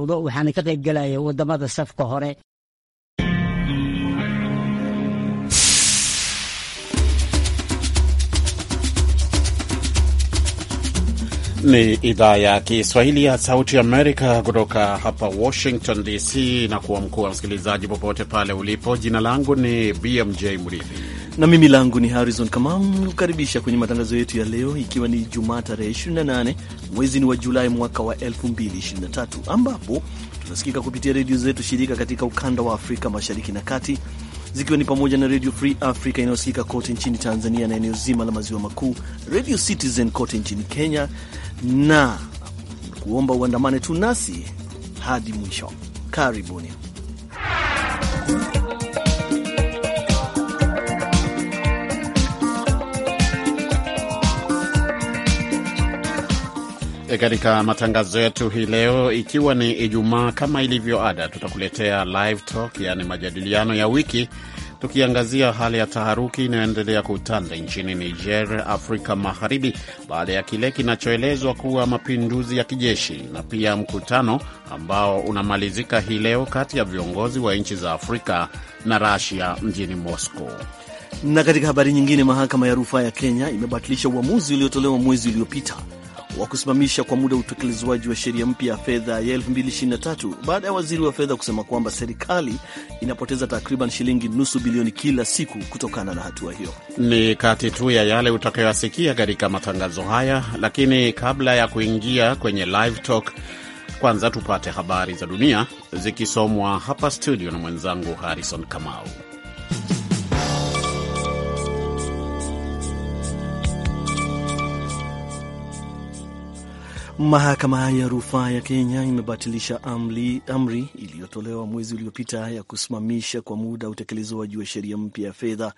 waxaana ka qayb galaya wadamada safka hore. Ni idhaa ya Kiswahili ya Sauti Amerika kutoka hapa Washington DC na kuwa mkuu wa msikilizaji popote pale ulipo. Jina langu ni BMJ Mridhi na mimi langu ni Harrison Kamau kukaribisha kwenye matangazo yetu ya leo, ikiwa ni Jumaa tarehe 28 mwezi ni wa Julai mwaka wa 2023 ambapo tunasikika kupitia redio zetu shirika katika ukanda wa Afrika mashariki na kati zikiwa ni pamoja na Redio Free Africa inayosikika kote nchini Tanzania na eneo zima la maziwa makuu, Redio Citizen kote nchini Kenya, na kuomba uandamane tu nasi hadi mwisho. Karibuni. Eh, katika matangazo yetu hii leo, ikiwa ni Ijumaa, kama ilivyo ada, tutakuletea live talk, yaani majadiliano ya wiki, tukiangazia hali ya taharuki inayoendelea kutanda nchini Niger, Afrika Magharibi, baada ya kile kinachoelezwa kuwa mapinduzi ya kijeshi na pia mkutano ambao unamalizika hii leo kati ya viongozi wa nchi za Afrika na Rasia mjini Moscow. Na katika habari nyingine, mahakama ya rufaa ya Kenya imebatilisha uamuzi uliotolewa mwezi uliopita wa kusimamisha kwa muda utekelezwaji wa sheria mpya ya fedha ya 2023 baada ya waziri wa fedha kusema kwamba serikali inapoteza takriban shilingi nusu bilioni kila siku kutokana na hatua hiyo. Ni kati tu ya yale utakayoyasikia katika matangazo haya, lakini kabla ya kuingia kwenye live talk, kwanza tupate habari za dunia zikisomwa hapa studio na mwenzangu Harrison Kamau. Mahakama ya rufaa ya Kenya imebatilisha amri, amri iliyotolewa mwezi uliopita ya kusimamisha kwa muda utekelezwaji wa sheria mpya ya fedha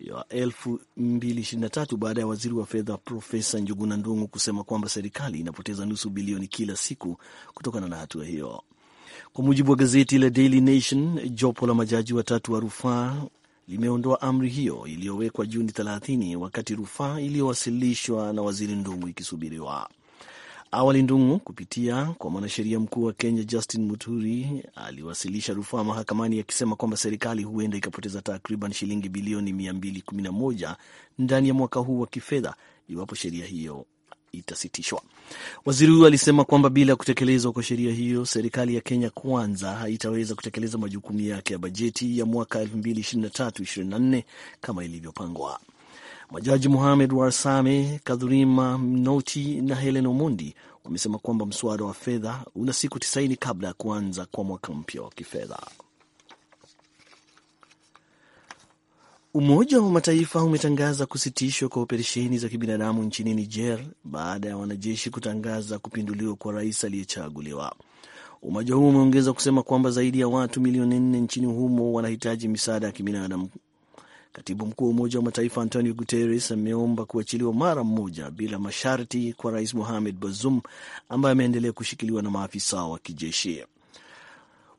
ya 2023 baada ya waziri wa fedha Profesa Njuguna Ndung'u kusema kwamba serikali inapoteza nusu bilioni kila siku kutokana na hatua hiyo. Kwa mujibu wa gazeti la Daily Nation, jopo la majaji watatu wa rufaa limeondoa amri hiyo iliyowekwa Juni 30 wakati rufaa iliyowasilishwa na waziri Ndung'u ikisubiriwa. Awali Ndung'u kupitia kwa mwanasheria mkuu wa Kenya Justin Muturi aliwasilisha rufaa mahakamani akisema kwamba serikali huenda ikapoteza takriban shilingi bilioni 211 ndani ya mwaka huu wa kifedha iwapo sheria hiyo itasitishwa. Waziri huyo alisema kwamba bila ya kutekelezwa kwa sheria hiyo, serikali ya Kenya kwanza haitaweza kutekeleza majukumu yake ya bajeti ya mwaka 2023/24 kama ilivyopangwa. Majaji muhamed Warsame, Kadhurima Mnoti na Helen Omondi wamesema kwamba mswada wa fedha una siku tisaini kabla ya kuanza kwa mwaka mpya wa kifedha. Umoja wa Mataifa umetangaza kusitishwa kwa operesheni za kibinadamu nchini Niger baada ya wanajeshi kutangaza kupinduliwa kwa rais aliyechaguliwa. Umoja huo umeongeza kusema kwamba zaidi ya watu milioni nne nchini humo wanahitaji misaada ya kibinadamu Katibu mkuu wa Umoja wa Mataifa Antonio Guterres ameomba kuachiliwa mara mmoja bila masharti kwa Rais Mohamed Bazoum ambaye ameendelea kushikiliwa na maafisa wa kijeshi.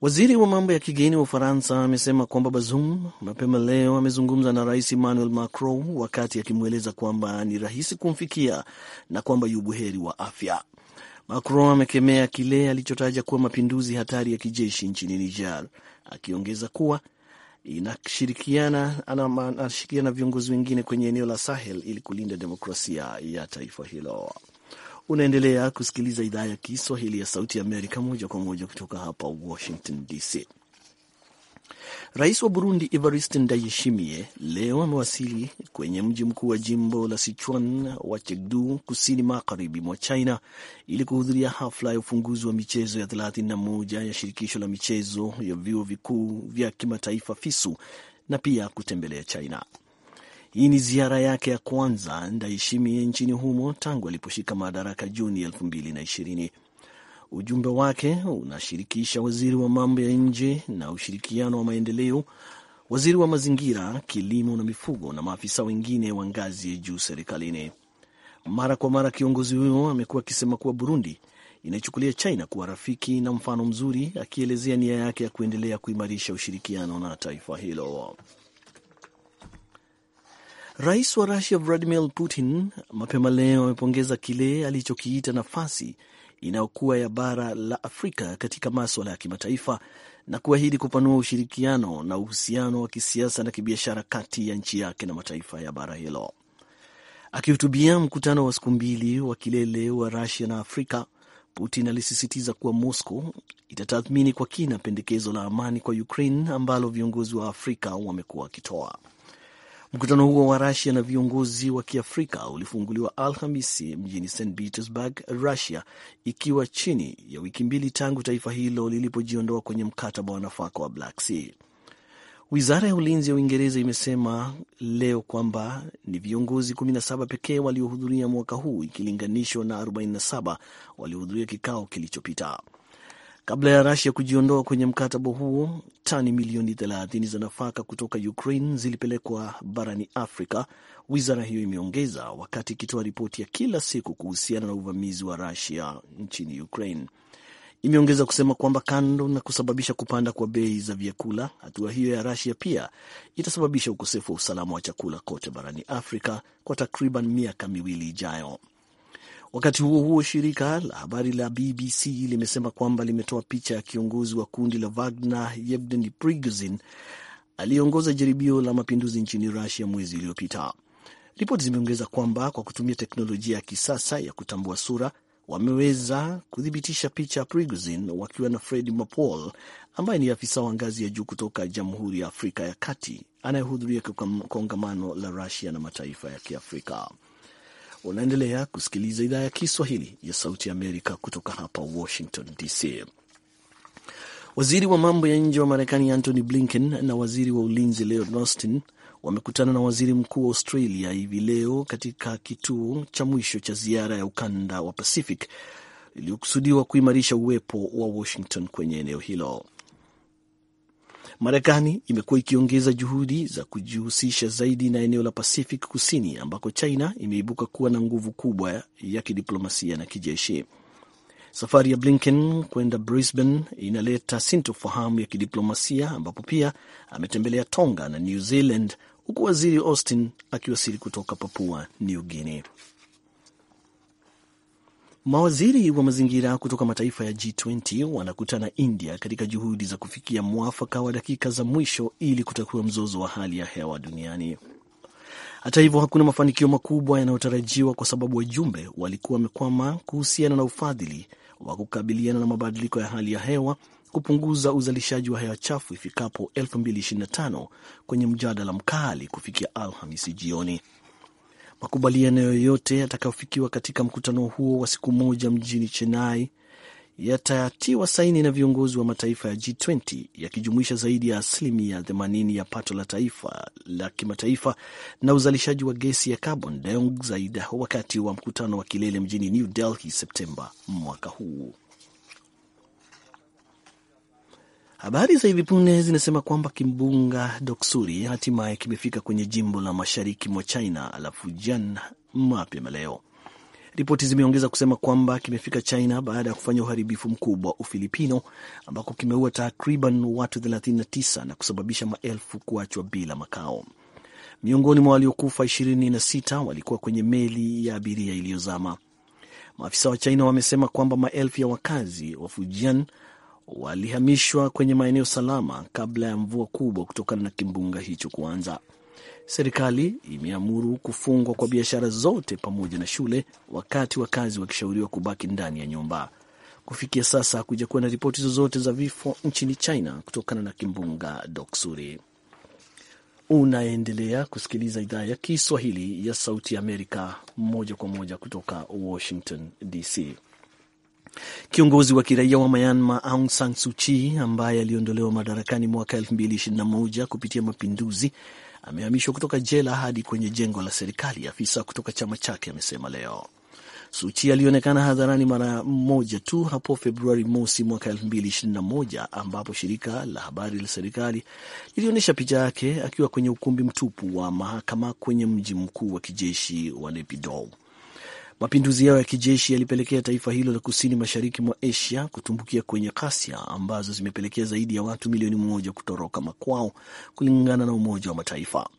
Waziri wa mambo ya kigeni wa Ufaransa amesema kwamba Bazoum mapema leo amezungumza na Rais Emmanuel Macron wakati akimweleza kwamba ni rahisi kumfikia na kwamba yu buheri wa afya. Macron amekemea kile alichotaja kuwa mapinduzi hatari ya kijeshi nchini Niger, akiongeza kuwa inashirikiana na viongozi wengine kwenye eneo la Sahel ili kulinda demokrasia ya taifa hilo. Unaendelea kusikiliza idhaa ya Kiswahili ya Sauti ya Amerika moja kwa moja kutoka hapa Washington DC. Rais wa Burundi Evariste Ndayishimiye leo amewasili kwenye mji mkuu wa jimbo la Sichuan wa Chengdu, kusini magharibi mwa China, ili kuhudhuria hafla ya ufunguzi wa michezo ya 31 ya shirikisho la michezo ya vyuo vikuu vya kimataifa FISU na pia kutembelea China. Hii ni ziara yake ya kwanza Ndayishimiye nchini humo tangu aliposhika madaraka Juni 2020. Ujumbe wake unashirikisha waziri wa mambo ya nje na ushirikiano wa maendeleo, waziri wa mazingira, kilimo na mifugo na maafisa wengine wa ngazi ya juu serikalini. Mara kwa mara kiongozi huyo amekuwa akisema kuwa Burundi inachukulia China kuwa rafiki na mfano mzuri, akielezea nia yake ya kuendelea kuimarisha ushirikiano na taifa hilo. Rais wa Rusia Vladimir Putin mapema leo amepongeza kile alichokiita nafasi inayokuwa ya bara la Afrika katika maswala ya kimataifa na kuahidi kupanua ushirikiano na uhusiano wa kisiasa na kibiashara kati ya nchi yake na mataifa ya bara hilo. Akihutubia mkutano wa siku mbili wa kilele wa Rusia na Afrika, Putin alisisitiza kuwa Moscow itatathmini kwa kina pendekezo la amani kwa Ukraine ambalo viongozi wa Afrika wamekuwa wakitoa. Mkutano huo wa Rusia na viongozi wa Kiafrika ulifunguliwa Alhamisi mjini St Petersburg, Russia, ikiwa chini ya wiki mbili tangu taifa hilo lilipojiondoa kwenye mkataba wa nafaka wa Black Sea. Wizara ya ulinzi ya Uingereza imesema leo kwamba ni viongozi 17 pekee waliohudhuria mwaka huu ikilinganishwa na 47 waliohudhuria kikao kilichopita kabla ya rasia kujiondoa kwenye mkataba huo, tani milioni 30 za nafaka kutoka Ukraine zilipelekwa barani Afrika, wizara hiyo imeongeza, wakati ikitoa ripoti ya kila siku kuhusiana na uvamizi wa rasia nchini Ukraine. Imeongeza kusema kwamba kando na kusababisha kupanda kwa bei za vyakula, hatua hiyo ya rasia pia itasababisha ukosefu wa usalama wa chakula kote barani Afrika kwa takriban miaka miwili ijayo. Wakati huo huo, shirika la habari la BBC limesema kwamba limetoa picha ya kiongozi wa kundi la Wagner Yevgeny Prigozhin aliyeongoza jaribio la mapinduzi nchini Russia mwezi uliopita. Ripoti zimeongeza kwamba kwa kutumia teknolojia ya kisasa ya kutambua sura wameweza kuthibitisha picha ya Prigozhin wakiwa na Fred Mapol ambaye ni afisa wa ngazi ya juu kutoka Jamhuri ya Afrika ya Kati anayehudhuria kongamano la rasia na mataifa ya Kiafrika. Unaendelea kusikiliza idhaa ya Kiswahili ya Sauti ya Amerika kutoka hapa Washington DC. Waziri wa mambo ya nje wa Marekani Antony Blinken na waziri wa ulinzi Lloyd Austin wamekutana na waziri mkuu wa Australia hivi leo katika kituo cha mwisho cha ziara ya ukanda wa Pacific iliyokusudiwa kuimarisha uwepo wa Washington kwenye eneo hilo. Marekani imekuwa ikiongeza juhudi za kujihusisha zaidi na eneo la Pacific Kusini ambako China imeibuka kuwa na nguvu kubwa ya kidiplomasia na kijeshi. Safari ya Blinken kwenda Brisbane inaleta sintofahamu ya kidiplomasia ambapo pia ametembelea Tonga na New Zealand, huku waziri Austin akiwasili kutoka Papua New Guinea. Mawaziri wa mazingira kutoka mataifa ya G20 wanakutana India katika juhudi za kufikia mwafaka wa dakika za mwisho ili kutatua mzozo wa hali ya hewa duniani. Hata hivyo, hakuna mafanikio makubwa yanayotarajiwa kwa sababu wajumbe walikuwa wamekwama kuhusiana na ufadhili wa kukabiliana na mabadiliko ya hali ya hewa, kupunguza uzalishaji wa hewa chafu ifikapo 2025 kwenye mjadala mkali kufikia Alhamisi jioni. Makubaliano yoyote yatakayofikiwa katika mkutano huo wa siku moja mjini Chennai yatatiwa saini na viongozi wa mataifa ya G20 yakijumuisha zaidi ya asilimia 80 ya pato la taifa la kimataifa na uzalishaji wa gesi ya carbon dioxide wakati wa mkutano wa kilele mjini New Delhi Septemba mwaka huu. Habari za hivi punde zinasema kwamba kimbunga Doksuri hatimaye kimefika kwenye jimbo la mashariki mwa China la Fujian mapema leo. Ripoti zimeongeza kusema kwamba kimefika China baada ya kufanya uharibifu mkubwa Ufilipino, ambako kimeua takriban watu 39 na kusababisha maelfu kuachwa bila makao. Miongoni mwa waliokufa 26 walikuwa kwenye meli ya abiria iliyozama. Maafisa wa China wamesema kwamba maelfu ya wakazi wa Fujian walihamishwa kwenye maeneo salama kabla ya mvua kubwa kutokana na kimbunga hicho kuanza. Serikali imeamuru kufungwa kwa biashara zote pamoja na shule, wakati wakazi wakishauriwa kubaki ndani ya nyumba. Kufikia sasa hakuja kuwa na ripoti zozote za vifo nchini China kutokana na kimbunga Doksuri. Unaendelea kusikiliza idhaa ya Kiswahili ya Sauti ya Amerika moja kwa moja kutoka Washington DC. Kiongozi wa kiraia wa Myanmar Aung San Suu Kyi ambaye aliondolewa madarakani mwaka 2021 kupitia mapinduzi amehamishwa kutoka jela hadi kwenye jengo la serikali, afisa kutoka chama chake amesema leo. Suchi alionekana hadharani mara moja tu hapo Februari mosi mwaka 2021 ambapo shirika la habari la serikali lilionyesha picha yake akiwa kwenye ukumbi mtupu wa mahakama kwenye mji mkuu wa kijeshi wa Naypyidaw. Mapinduzi yao ya kijeshi yalipelekea taifa hilo la kusini mashariki mwa Asia kutumbukia kwenye ghasia ambazo zimepelekea zaidi ya watu milioni moja kutoroka makwao, kulingana na Umoja wa Mataifa.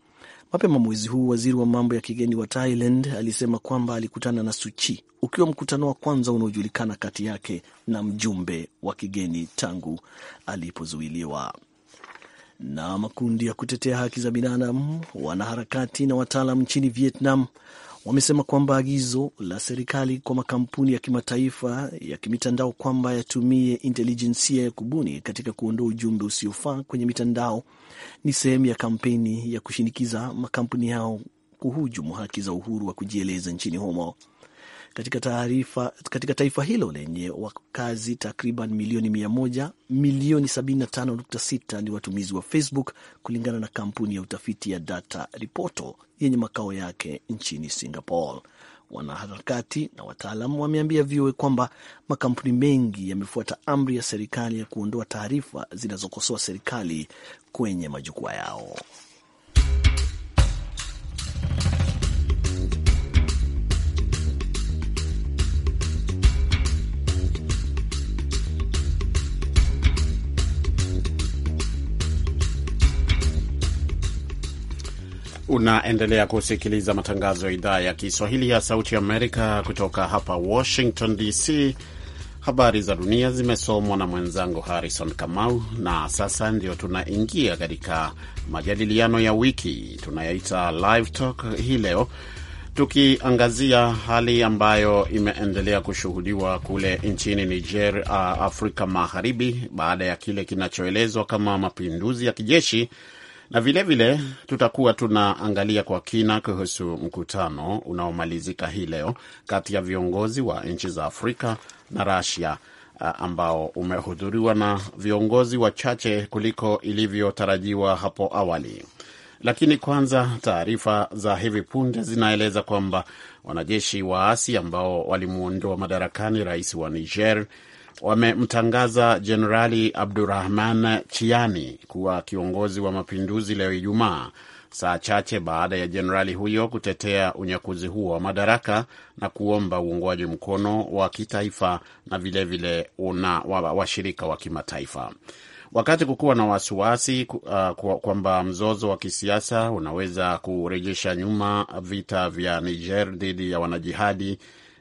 Mapema mwezi huu waziri wa mambo ya kigeni wa Thailand alisema kwamba alikutana na Suchi, ukiwa mkutano wa kwanza unaojulikana kati yake na mjumbe wa kigeni tangu alipozuiliwa. Na makundi ya kutetea haki za binadamu, wanaharakati na wataalam nchini Vietnam wamesema kwamba agizo la serikali kwa makampuni ya kimataifa ya kimitandao kwamba yatumie intelijensia ya kubuni katika kuondoa ujumbe usiofaa kwenye mitandao ni sehemu ya kampeni ya kushinikiza makampuni yao kuhujumu haki za uhuru wa kujieleza nchini humo katika, taarifa, katika taifa hilo lenye wakazi takriban milioni mia moja, milioni 75.6 ni watumizi wa Facebook kulingana na kampuni ya utafiti ya Data Ripoto yenye makao yake nchini Singapore. Wanaharakati na wataalam wameambia VOA kwamba makampuni mengi yamefuata amri ya serikali ya kuondoa taarifa zinazokosoa serikali kwenye majukwaa yao. Unaendelea kusikiliza matangazo ya idhaa ya Kiswahili ya Sauti Amerika kutoka hapa Washington DC. Habari za dunia zimesomwa na mwenzangu Harrison Kamau, na sasa ndio tunaingia katika majadiliano ya wiki tunayoita Live Talk hii leo, tukiangazia hali ambayo imeendelea kushuhudiwa kule nchini Niger, uh, Afrika Magharibi, baada ya kile kinachoelezwa kama mapinduzi ya kijeshi na vilevile vile, tutakuwa tunaangalia kwa kina kuhusu mkutano unaomalizika hii leo kati ya viongozi wa nchi za Afrika na rasia ambao umehudhuriwa na viongozi wachache kuliko ilivyotarajiwa hapo awali. Lakini kwanza, taarifa za hivi punde zinaeleza kwamba wanajeshi waasi ambao walimwondoa madarakani rais wa Niger wamemtangaza Jenerali Abdurahman Chiani kuwa kiongozi wa mapinduzi leo Ijumaa, saa chache baada ya jenerali huyo kutetea unyakuzi huo wa madaraka na kuomba uungwaji mkono wa kitaifa na vilevile na washirika wa, wa, wa kimataifa wakati kukuwa na wasiwasi uh, kwamba mzozo wa kisiasa unaweza kurejesha nyuma vita vya Niger dhidi ya wanajihadi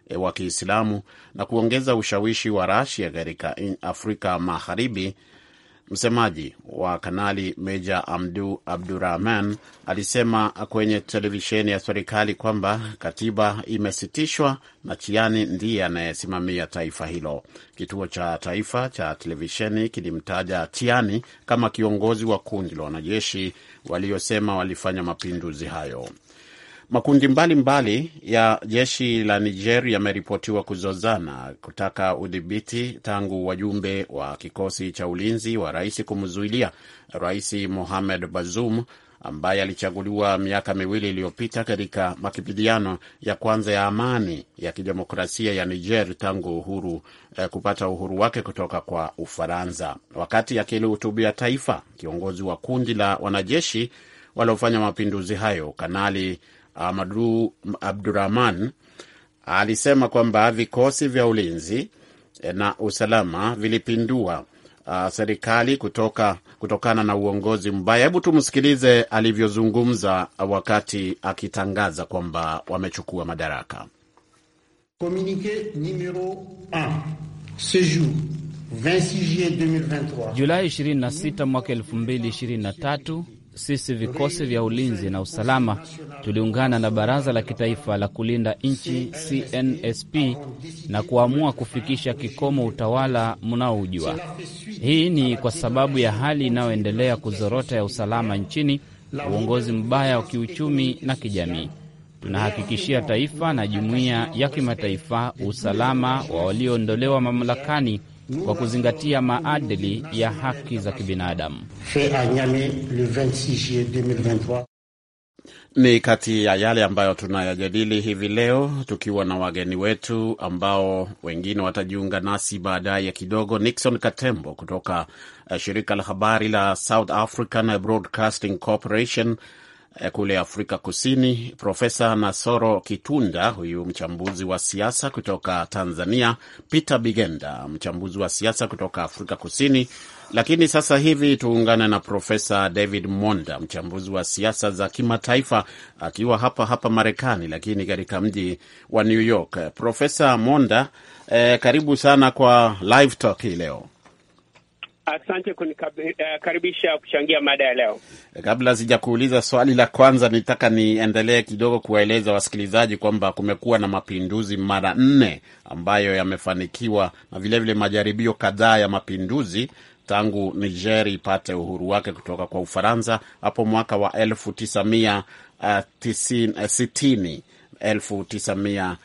E, wa Kiislamu na kuongeza ushawishi wa Rasia katika Afrika Magharibi. Msemaji wa Kanali Meja Amdu Abdurahman alisema kwenye televisheni ya serikali kwamba katiba imesitishwa na Chiani ndiye anayesimamia taifa hilo. Kituo cha taifa cha televisheni kilimtaja Chiani kama kiongozi wa kundi la wanajeshi waliosema walifanya mapinduzi hayo. Makundi mbalimbali mbali ya jeshi la Niger yameripotiwa kuzozana kutaka udhibiti tangu wajumbe wa kikosi cha ulinzi wa rais kumzuilia Rais Mohamed Bazoum ambaye alichaguliwa miaka miwili iliyopita katika makipidiano ya kwanza ya amani ya kidemokrasia ya Niger tangu uhuru, eh, kupata uhuru wake kutoka kwa Ufaransa. Wakati akilihutubia taifa, kiongozi wa kundi la wanajeshi waliofanya mapinduzi hayo, Kanali Amadu Abdurahman alisema kwamba vikosi vya ulinzi eh, na usalama vilipindua uh, serikali kutoka, kutokana na uongozi mbaya. Hebu tumsikilize alivyozungumza wakati akitangaza kwamba wamechukua madaraka. Julai 26 mwaka 2023 sisi vikosi vya ulinzi na usalama tuliungana na Baraza la Kitaifa la Kulinda Nchi CNSP na kuamua kufikisha kikomo utawala mnaoujua. Hii ni kwa sababu ya hali inayoendelea kuzorota ya usalama nchini, uongozi mbaya wa kiuchumi na kijamii. Tunahakikishia taifa na jumuiya ya kimataifa usalama wa walioondolewa mamlakani kwa kuzingatia maadili ya haki za kibinadamu. Ni kati ya yale ambayo tunayajadili hivi leo tukiwa na wageni wetu ambao wengine watajiunga nasi baadaye kidogo. Nixon Katembo kutoka eh, shirika la habari la South African Broadcasting Corporation Eh, kule Afrika Kusini. Profesa Nasoro Kitunda, huyu mchambuzi wa siasa kutoka Tanzania, Peter Bigenda, mchambuzi wa siasa kutoka Afrika Kusini. Lakini sasa hivi tuungane na Profesa David Monda, mchambuzi wa siasa za kimataifa akiwa hapa hapa Marekani, lakini katika mji wa New York. Profesa Monda, eh, karibu sana kwa Live Talk hii leo. Asante kunikaribisha eh, uh, kuchangia mada ya leo. Eh, kabla sijakuuliza swali la kwanza, nitaka niendelee kidogo kuwaeleza wasikilizaji kwamba kumekuwa na mapinduzi mara nne ambayo yamefanikiwa na vilevile majaribio kadhaa ya mapinduzi tangu Niger ipate uhuru wake kutoka kwa Ufaransa hapo mwaka wa elfu tisa mia eh, elfu tisa mia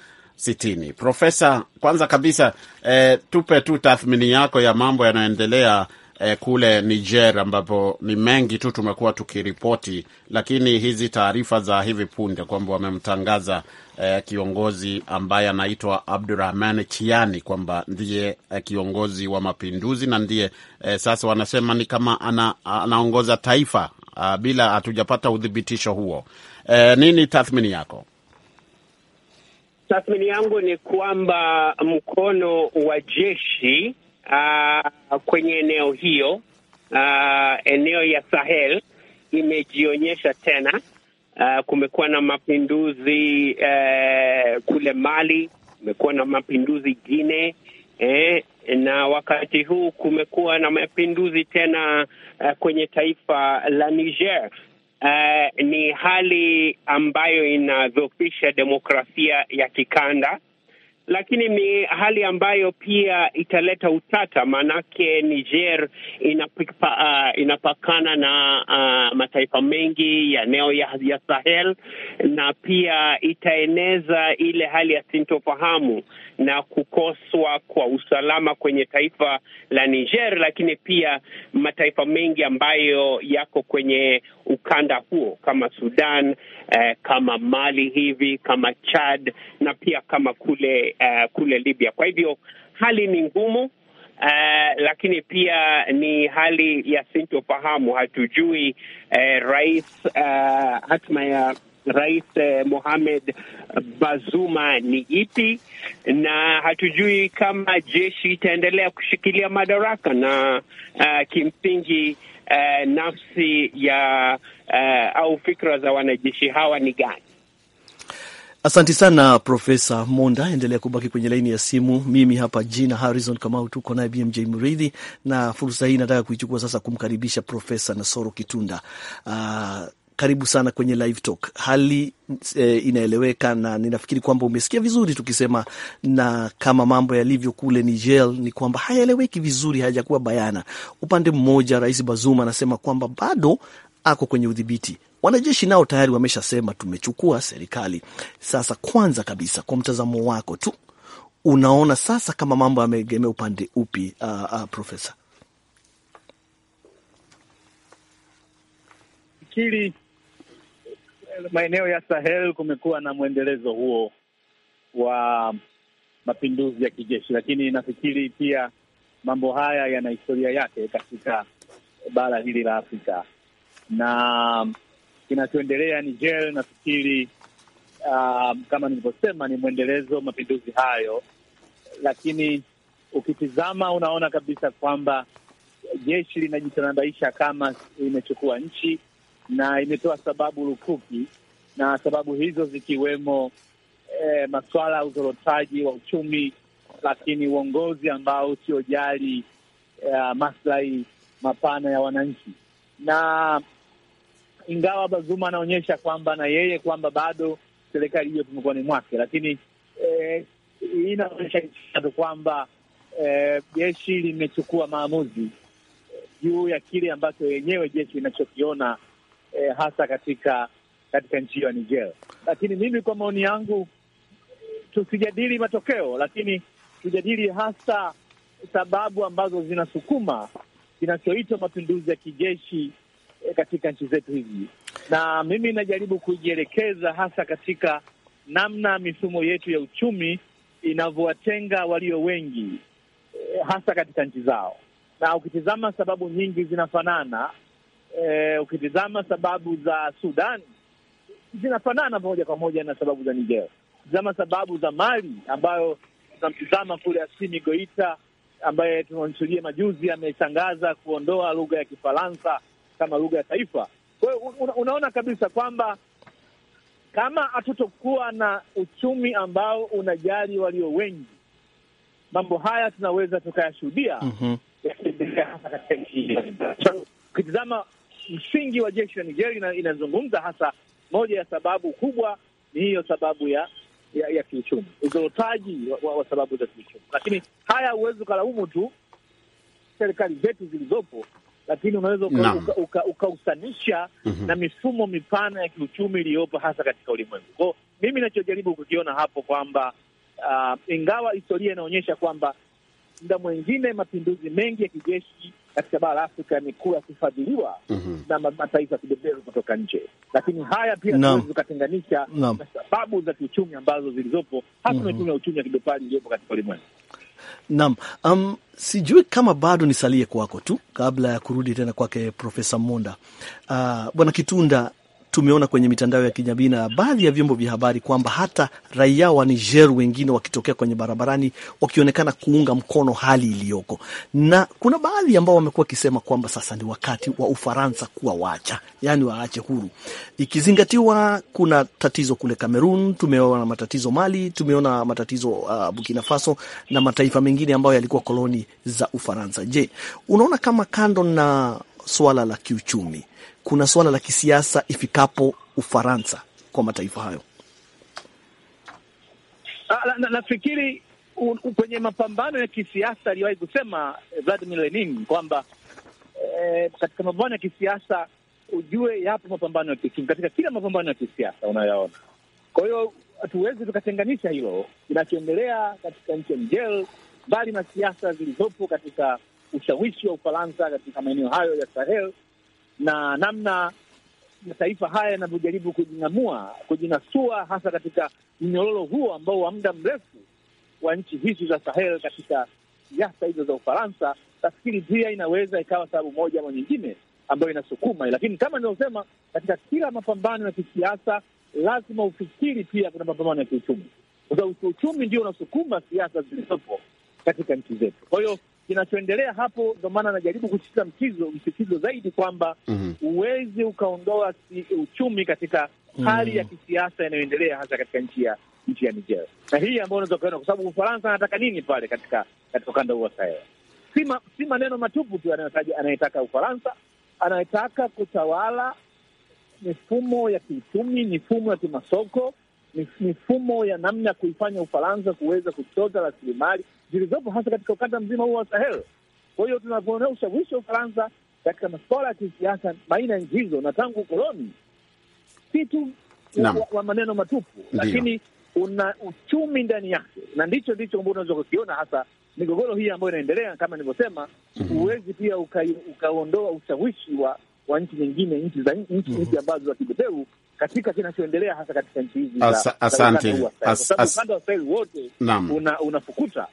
sitini. Profesa, kwanza kabisa eh, tupe tu tathmini yako ya mambo yanayoendelea eh, kule Niger ambapo ni mengi tu tumekuwa tukiripoti, lakini hizi taarifa za hivi punde kwamba wamemtangaza eh, kiongozi ambaye anaitwa Abdurahman Chiani kwamba ndiye eh, kiongozi wa mapinduzi na ndiye eh, sasa wanasema ni kama ana, anaongoza taifa ah, bila hatujapata uthibitisho huo. Eh, nini tathmini yako? Tathmini yangu ni kwamba mkono wa jeshi uh, kwenye eneo hiyo uh, eneo ya Sahel imejionyesha tena. Uh, kumekuwa na mapinduzi uh, kule Mali, kumekuwa na mapinduzi Gine eh, na wakati huu kumekuwa na mapinduzi tena uh, kwenye taifa la Niger uh, ni hali ambayo inadhoofisha demokrasia ya kikanda lakini ni hali ambayo pia italeta utata, maanake Niger inapipa, uh, inapakana na uh, mataifa mengi ya eneo ya, ya Sahel na pia itaeneza ile hali ya sintofahamu na kukoswa kwa usalama kwenye taifa la Niger, lakini pia mataifa mengi ambayo yako kwenye ukanda huo kama Sudan eh, kama Mali hivi kama Chad na pia kama kule eh, kule Libya. Kwa hivyo hali ni ngumu eh, lakini pia ni hali ya sintofahamu. Hatujui eh, rais eh, hatima ya Rais eh, Mohamed Bazuma ni ipi, na hatujui kama jeshi itaendelea kushikilia madaraka na uh, kimsingi eh, nafsi ya eh, au fikra za wanajeshi hawa ni gani? Asanti sana Profesa Monda, endelea kubaki kwenye laini ya simu. Mimi hapa jina Harrison Kamau, tuko naye BMJ Mridhi, na fursa hii nataka kuichukua sasa kumkaribisha Profesa Nasoro Kitunda. Uh, karibu sana kwenye live talk. Hali e, inaeleweka na ninafikiri kwamba umesikia vizuri tukisema, na kama mambo yalivyo kule Niger ni kwamba hayaeleweki vizuri, hayajakuwa bayana. Upande mmoja, Rais Bazuma anasema kwamba bado ako kwenye udhibiti. Wanajeshi nao tayari wameshasema tumechukua serikali. Sasa kwanza kabisa, kwa mtazamo wako tu, unaona sasa kama mambo yameegemea upande upi, uh, uh, Profesa? Fikiri maeneo ya Sahel kumekuwa na mwendelezo huo wa mapinduzi ya kijeshi, lakini nafikiri pia mambo haya yana historia yake katika bara hili la Afrika na kinachoendelea Niger nafikiri uh, kama nilivyosema ni mwendelezo mapinduzi hayo, lakini ukitizama unaona kabisa kwamba jeshi linajitanabaisha kama imechukua nchi na imetoa sababu lukuki, na sababu hizo zikiwemo eh, masuala ya uzorotaji wa uchumi, lakini uongozi ambao usiojali eh, maslahi mapana ya wananchi, na ingawa Bazuma anaonyesha kwamba na yeye kwamba bado serikali hiyo mikononi mwake, lakini eh, hii inaonyesha kwamba eh, jeshi eh, limechukua maamuzi juu ya kile ambacho yenyewe jeshi inachokiona eh, hasa katika katika nchi hiyo ya Niger. Lakini mimi kwa maoni yangu, tusijadili matokeo, lakini tujadili hasa sababu ambazo zinasukuma kinachoitwa mapinduzi ya kijeshi eh, katika nchi zetu hizi, na mimi najaribu kujielekeza hasa katika namna mifumo yetu ya uchumi inavyowatenga walio wengi eh, hasa katika nchi zao, na ukitizama sababu nyingi zinafanana e, ukitizama sababu za Sudan zinafanana moja kwa moja na sababu za Niger. Ukitizama sababu za Mali ambayo tunamtizama kule asimi Goita ambaye tunamshuhudia majuzi ametangaza kuondoa lugha ya Kifaransa kama lugha ya taifa. Kwa hiyo una, unaona kabisa kwamba kama hatutokuwa na uchumi ambao unajali walio wengi, mambo haya tunaweza tukayashuhudia. mm -hmm. Ukitizama msingi wa jeshi la Nigeria inazungumza hasa, moja ya sababu kubwa ni hiyo sababu ya ya, ya kiuchumi, uzorotaji wa, wa, wa sababu za kiuchumi. Lakini haya huwezi ukalaumu tu serikali zetu zilizopo, lakini unaweza ukahusanisha uka, uka, uka mm -hmm. na mifumo mipana ya kiuchumi iliyopo hasa katika ulimwengu. Kwao mimi nachojaribu kukiona hapo kwamba uh, ingawa historia inaonyesha kwamba muda mwingine mapinduzi mengi ya kijeshi katika bara la Afrika yamekuwa yakifadhiliwa mm -hmm. na mataifa ya kibeberu kutoka nje, lakini haya pia no. tukatenganisha na sababu za kiuchumi ambazo zilizopo hasa mm -hmm. ya uchumi wa kibepari iliyopo katika ulimwengu. Naam, um, sijui kama bado nisalie kwako tu kabla ya kurudi tena kwake Profesa Monda. Uh, Bwana Kitunda, tumeona kwenye mitandao ya kijamii na baadhi ya vyombo vya habari kwamba hata raia wa Niger wengine wakitokea kwenye barabarani wakionekana kuunga mkono hali iliyoko, na kuna baadhi ambao wamekuwa wakisema kwamba sasa ni wakati wa Ufaransa kuwa wacha, yani waache huru, ikizingatiwa kuna tatizo kule Kamerun, tumeona matatizo Mali, tumeona matatizo uh, Burkina Faso na mataifa mengine ambayo yalikuwa koloni za Ufaransa. Je, unaona kama kando na suala la kiuchumi kuna swala la kisiasa ifikapo Ufaransa kwa mataifa hayo? Ah, nafikiri na, na kwenye mapambano ya kisiasa aliyowahi kusema eh, Vladimir Lenin kwamba eh, katika mapambano ya kisiasa ujue yapo mapambano ya kiuchumi katika kila mapambano ya kisiasa unayoyaona. Kwa hiyo hatuwezi tukatenganisha hilo kinachoendelea katika nchi ya Niger, mbali na siasa zilizopo katika ushawishi wa Ufaransa katika maeneo hayo ya Sahel na namna mataifa haya yanavyojaribu kujing'amua, kujinasua, hasa katika mnyororo huo ambao wa muda mrefu wa nchi hizi za Sahel katika siasa hizo za Ufaransa. Nafikiri pia inaweza ikawa sababu moja ama nyingine ambayo inasukuma, lakini kama nilivyosema, katika kila mapambano ya kisiasa lazima ufikiri pia kuna mapambano ya kiuchumi, kwa sababu kiuchumi ndio unasukuma siasa zilizopo katika nchi zetu. Kwa hiyo kinachoendelea hapo. Ndio maana anajaribu kusisitiza mkizo msisitizo zaidi kwamba mm -hmm. uwezi ukaondoa uchumi katika mm -hmm. hali ya kisiasa inayoendelea hasa katika nchi ya nchi ya Niger, na hii ambayo unaweza ukaona, kwa sababu Ufaransa anataka nini pale katika katika ukanda huo wa Sahel? Si si maneno matupu tu anayotaja, anayetaka Ufaransa anayetaka kutawala mifumo ya kiuchumi, mifumo ya kimasoko, mifumo ya namna ya kuifanya Ufaransa kuweza kuchota rasilimali zilizopo hasa katika ukanda mzima huu wa Sahel. Kwa hiyo tunavyoonea ushawishi wa Ufaransa katika masuala ya kisiasa baina ya nchi hizo na tangu ukoloni, si tu wa, wa maneno matupu lakini una uchumi ndani yake, na ndicho ndicho ambao unaweza kukiona hasa migogoro hii ambayo inaendelea kama nilivyosema. mm -hmm. pia uka, ukaondoa ushawishi wa, wa nchi nyingine, nchi za nchi mm -hmm. ambazo za kibebeu katika kinachoendelea hasa katika nchi hizi, asante. Ukanda wa Sahel wote unafukuta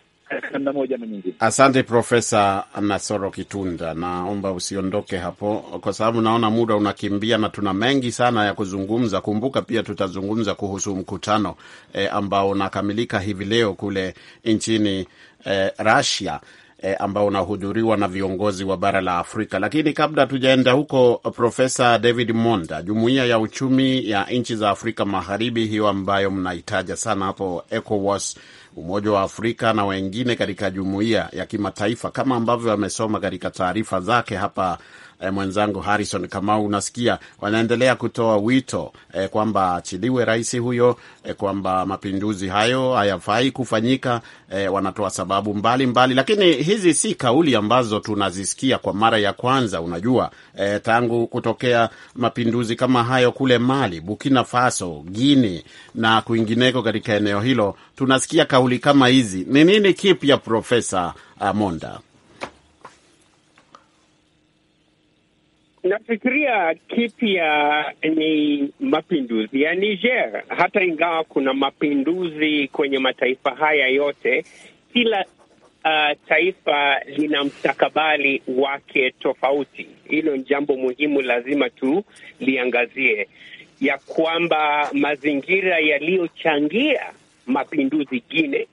namna moja nyingine. Asante Profesa Nasoro Kitunda, naomba usiondoke hapo, kwa sababu naona muda unakimbia na tuna mengi sana ya kuzungumza. Kumbuka pia tutazungumza kuhusu mkutano e, ambao unakamilika hivi leo kule nchini e, Russia e, ambao unahudhuriwa na viongozi wa bara la Afrika. Lakini kabla tujaenda huko, Profesa David Monda, jumuiya ya uchumi ya nchi za Afrika Magharibi, hiyo ambayo mnaitaja sana hapo ECOWAS Umoja wa Afrika na wengine katika jumuiya ya kimataifa, kama ambavyo amesoma katika taarifa zake hapa eh, mwenzangu Harrison Kamau, unasikia wanaendelea kutoa wito eh, kwamba achiliwe rais huyo eh, kwamba mapinduzi hayo hayafai kufanyika eh, wanatoa sababu mbalimbali mbali. Lakini hizi si kauli ambazo tunazisikia kwa mara ya kwanza. Unajua eh, tangu kutokea mapinduzi kama hayo kule Mali, Burkina Faso, Guini na kwingineko katika eneo hilo tunasikia kauli kama hizi. Ni nini kipya, Profesa Monda? Nafikiria kipya ni mapinduzi ya Niger. Hata ingawa kuna mapinduzi kwenye mataifa haya yote, kila uh, taifa lina mstakabali wake tofauti. Hilo ni jambo muhimu, lazima tu liangazie ya kwamba mazingira yaliyochangia mapinduzi Gine,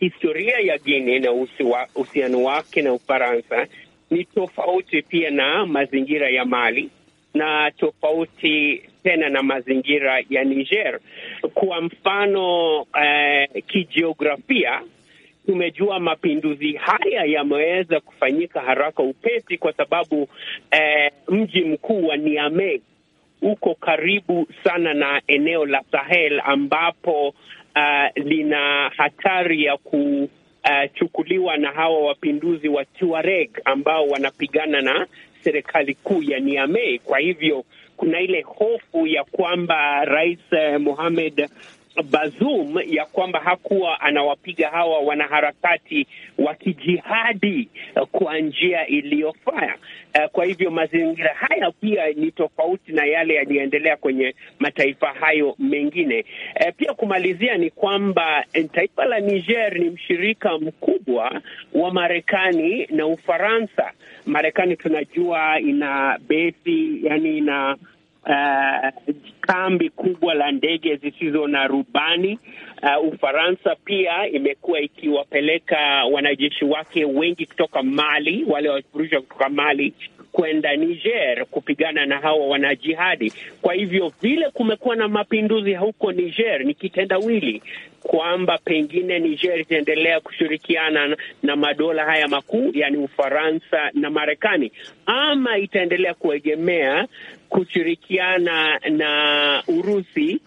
historia ya Gine na uhusiano wake na Ufaransa ni tofauti pia na mazingira ya Mali na tofauti tena na mazingira ya Niger. Kwa mfano eh, kijiografia tumejua mapinduzi haya yameweza kufanyika haraka upesi kwa sababu eh, mji mkuu wa Niamey uko karibu sana na eneo la Sahel ambapo uh, lina hatari ya ku uh, chukuliwa na hawa wapinduzi wa Tuareg ambao wanapigana na serikali kuu ya Niamey. Kwa hivyo kuna ile hofu ya kwamba Rais eh, Mohamed Bazoum ya kwamba hakuwa anawapiga hawa wanaharakati wa kijihadi eh, kwa njia iliyofaa. Eh, kwa hivyo mazingira haya pia ni tofauti na yale yaliyoendelea kwenye mataifa hayo mengine. Eh, pia kumalizia ni kwamba taifa la Niger ni mshirika mkubwa wa Marekani na Ufaransa. Marekani tunajua ina besi, yani ina uh, kambi kubwa la ndege zisizo na rubani. Uh, Ufaransa pia imekuwa ikiwapeleka wanajeshi wake wengi kutoka Mali, wale wafurusha kutoka Mali kwenda Niger kupigana na hawa wanajihadi. Kwa hivyo vile kumekuwa na mapinduzi huko Niger ni kitendawili kwamba pengine Niger itaendelea kushirikiana na madola haya makuu, yani Ufaransa na Marekani, ama itaendelea kuegemea kushirikiana na Urusi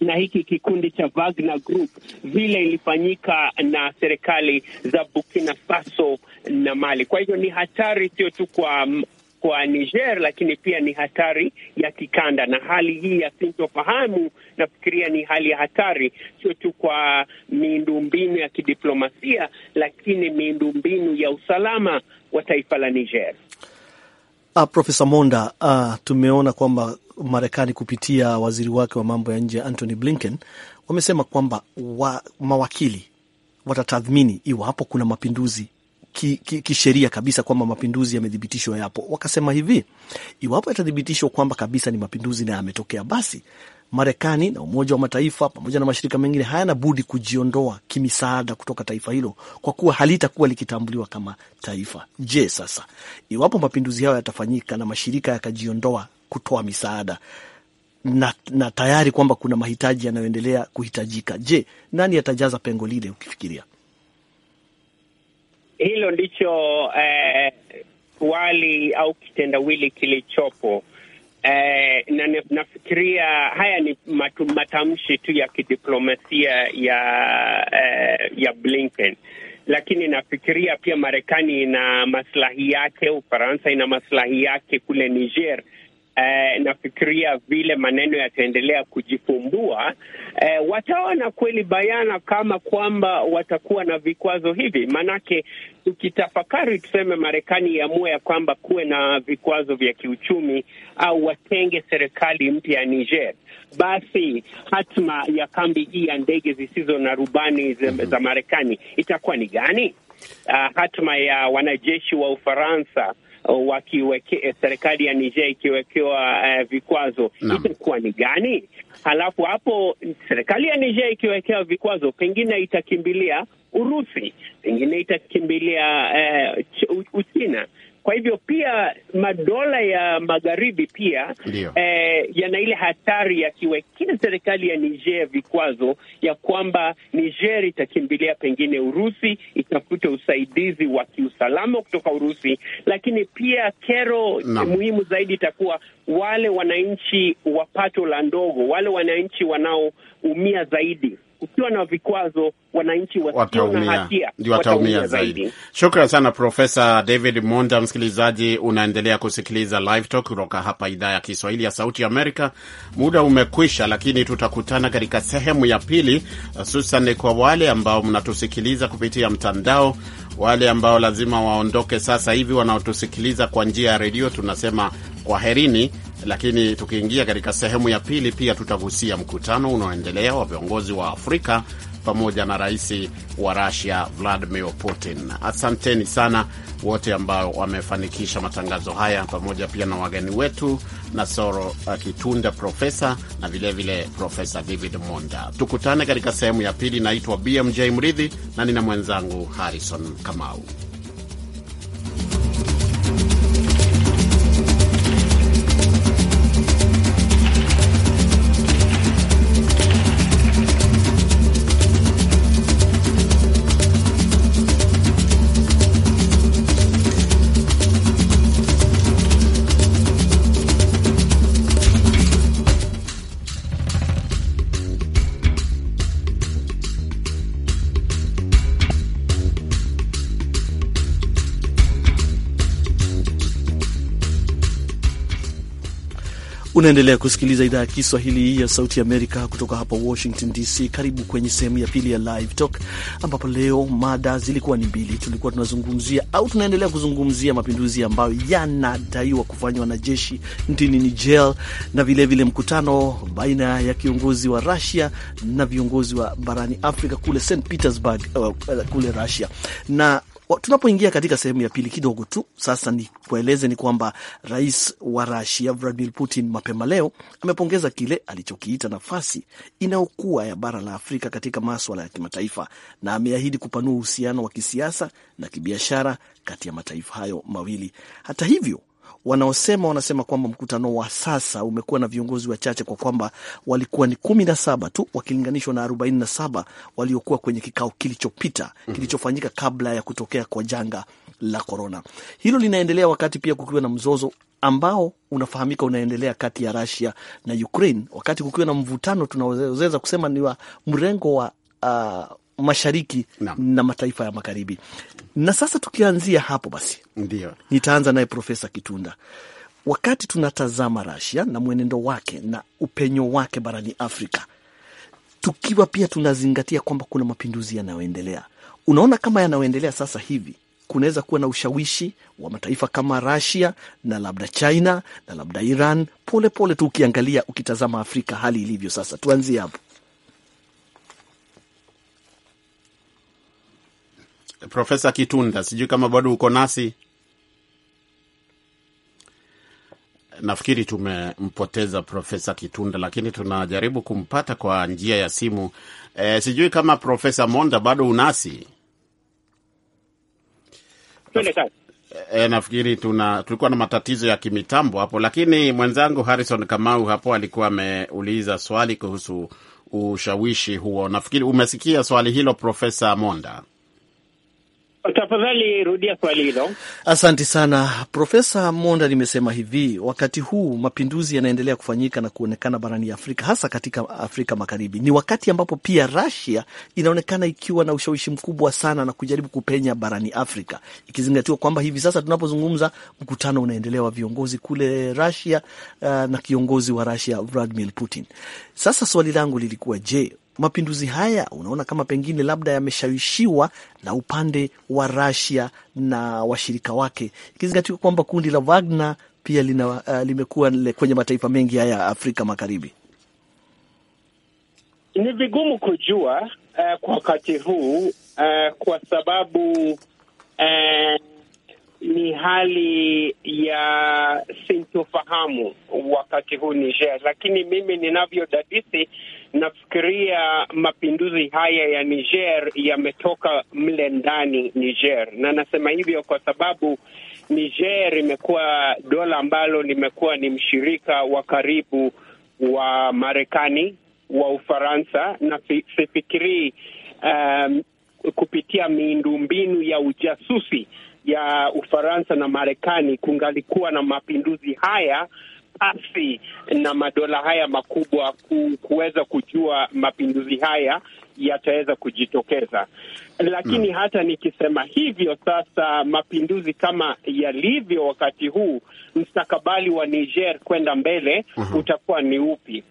na hiki kikundi cha Wagner Group vile ilifanyika na serikali za Burkina Faso na Mali. Kwa hivyo ni hatari sio tu kwa kwa Niger lakini pia ni hatari ya kikanda, na hali hii ya sintofahamu nafikiria ni hali ya hatari sio tu kwa miundombinu ya kidiplomasia lakini miundombinu ya usalama wa taifa la Niger. Uh, ah, Profesa Monda, uh, tumeona kwamba Marekani kupitia waziri wake wa mambo ya nje Antony Blinken wamesema kwamba wa, mawakili watatathmini iwapo kuna mapinduzi kisheria ki, ki kabisa kwamba mapinduzi yamethibitishwa yapo. Wakasema hivi, iwapo yatathibitishwa kwamba kabisa ni mapinduzi na yametokea, basi Marekani na Umoja wa Mataifa pamoja na mashirika mengine hayana budi kujiondoa kimisaada kutoka taifa hilo kwa kuwa halitakuwa likitambuliwa kama taifa. Je, sasa iwapo mapinduzi hayo yatafanyika na mashirika yakajiondoa kutoa misaada na, na tayari kwamba kuna mahitaji yanayoendelea kuhitajika. Je, nani atajaza pengo lile? Ukifikiria hilo ndicho eh, wali au kitendawili kilichopo eh, na nafikiria haya ni matu, matamshi tu ya kidiplomasia ya eh, ya Blinken lakini nafikiria pia Marekani ina maslahi yake, Ufaransa ina maslahi yake kule Niger, eh, nafikiria vile maneno yataendelea kujifumbua eh, wataona kweli bayana kama kwamba watakuwa na vikwazo hivi. Maanake tukitafakari tuseme, Marekani iamue ya kwamba kuwe na vikwazo vya kiuchumi au watenge serikali mpya ya Niger, basi hatma ya kambi hii ya ndege zisizo na rubani za, mhm. za Marekani itakuwa ni gani? Uh, hatma ya wanajeshi wa Ufaransa Uh, wakiweke eh, serikali ya Niger ikiwekewa uh, vikwazo itakuwa ni gani? Halafu hapo serikali ya Niger ikiwekewa vikwazo, pengine itakimbilia Urusi, pengine itakimbilia uh, Uchina kwa hivyo pia madola ya magharibi pia eh, yana ile hatari yakiwekea serikali ya Niger vikwazo ya kwamba Niger itakimbilia pengine Urusi, itafute usaidizi wa kiusalama kutoka Urusi, lakini pia kero no. muhimu zaidi itakuwa wale wananchi wa pato la ndogo, wale wananchi wanaoumia zaidi kukiwa na vikwazo, wananchi wataumia, ndio wataumia zaidi. Shukran sana Profesa David Monda. Msikilizaji, unaendelea kusikiliza Live Talk kutoka hapa idhaa ya Kiswahili ya Sauti ya Amerika. Muda umekwisha, lakini tutakutana katika sehemu ya pili, hususan kwa wale ambao mnatusikiliza kupitia mtandao wale ambao lazima waondoke sasa hivi wanaotusikiliza kwa njia ya redio, tunasema kwaherini. Lakini tukiingia katika sehemu ya pili, pia tutagusia mkutano unaoendelea wa viongozi wa Afrika pamoja na rais wa Rusia Vladimir Putin. Asanteni sana wote ambao wamefanikisha matangazo haya, pamoja pia na wageni wetu Nasoro Kitunda, profesa na vilevile Profesa David Monda. Tukutane katika sehemu ya pili. Naitwa BMJ Mridhi na nina mwenzangu Harrison Kamau. Unaendelea kusikiliza idhaa ya Kiswahili ya Sauti Amerika kutoka hapa Washington DC. Karibu kwenye sehemu ya pili ya Live Talk, ambapo leo mada zilikuwa ni mbili. Tulikuwa tunazungumzia au tunaendelea kuzungumzia mapinduzi ambayo yanadaiwa kufanywa na jeshi nchini Niger na vilevile vile mkutano baina ya kiongozi wa Russia na viongozi wa barani Afrika kule St Petersburg, uh, kule Russia na Tunapoingia katika sehemu ya pili kidogo tu sasa, ni kueleze ni kwamba rais wa Rusia Vladimir Putin mapema leo amepongeza kile alichokiita nafasi inayokuwa ya bara la Afrika katika maswala ya kimataifa na ameahidi kupanua uhusiano wa kisiasa na kibiashara kati ya mataifa hayo mawili. Hata hivyo wanaosema wanasema kwamba mkutano wa sasa umekuwa na viongozi wachache kwa kwamba walikuwa ni kumi na saba tu wakilinganishwa na arobaini na saba waliokuwa kwenye kikao kilichopita mhm. kilichofanyika kabla ya kutokea kwa janga la korona. Hilo linaendelea wakati pia kukiwa na mzozo ambao unafahamika unaendelea kati ya Russia na Ukraine, wakati kukiwa na mvutano tunaweza kusema ni wa mrengo wa uh, mashariki na, na mataifa ya magharibi. Na sasa tukianzia hapo basi, ndio nitaanza naye Profesa Kitunda. Wakati tunatazama Rasia na mwenendo wake na upenyo wake barani Afrika, tukiwa pia tunazingatia kwamba kuna mapinduzi yanayoendelea, unaona kama yanayoendelea sasa hivi kunaweza kuwa na ushawishi wa mataifa kama Rasia na labda China na labda Iran, polepole tu ukiangalia, ukitazama Afrika hali ilivyo sasa. Tuanzie hapo. Profesa Kitunda, sijui kama bado uko nasi. Nafikiri tumempoteza Profesa Kitunda, lakini tunajaribu kumpata kwa njia ya simu. E, sijui kama Profesa Monda bado unasi. E, eh, eh, nafikiri tuna tulikuwa na matatizo ya kimitambo hapo, lakini mwenzangu Harrison Kamau hapo alikuwa ameuliza swali kuhusu ushawishi huo. Nafikiri umesikia swali hilo, Profesa Monda. Tafadhali rudia swali hilo. Asante sana Profesa Monda. Nimesema hivi, wakati huu mapinduzi yanaendelea kufanyika na kuonekana barani Afrika, hasa katika Afrika Magharibi, ni wakati ambapo pia Russia inaonekana ikiwa na ushawishi mkubwa sana na kujaribu kupenya barani Afrika, ikizingatiwa kwamba hivi sasa tunapozungumza, mkutano unaendelea wa viongozi kule Russia, uh, na kiongozi wa Russia Vladimir Putin. Sasa swali langu lilikuwa je, mapinduzi haya unaona kama pengine labda yameshawishiwa na upande wa Russia na washirika wake, ikizingatiwa kwamba kundi la Wagner pia lina, uh, limekuwa kwenye mataifa mengi haya ya Afrika Magharibi? Ni vigumu kujua uh, kwa wakati huu uh, kwa sababu uh, ni hali ya sintofahamu wakati huu Niger, lakini mimi ninavyodadisi nafikiria mapinduzi haya ya Niger yametoka mle ndani Niger, na nasema hivyo kwa sababu Niger imekuwa dola ambalo limekuwa ni mshirika wa karibu wa Marekani, wa Ufaransa, na sifikirii um, kupitia miundombinu ya ujasusi ya Ufaransa na Marekani kungalikuwa na mapinduzi haya pasi na madola haya makubwa ku, kuweza kujua mapinduzi haya yataweza kujitokeza. Lakini mm, hata nikisema hivyo sasa, mapinduzi kama yalivyo wakati huu, mstakabali wa Niger kwenda mbele mm -hmm, utakuwa ni upi?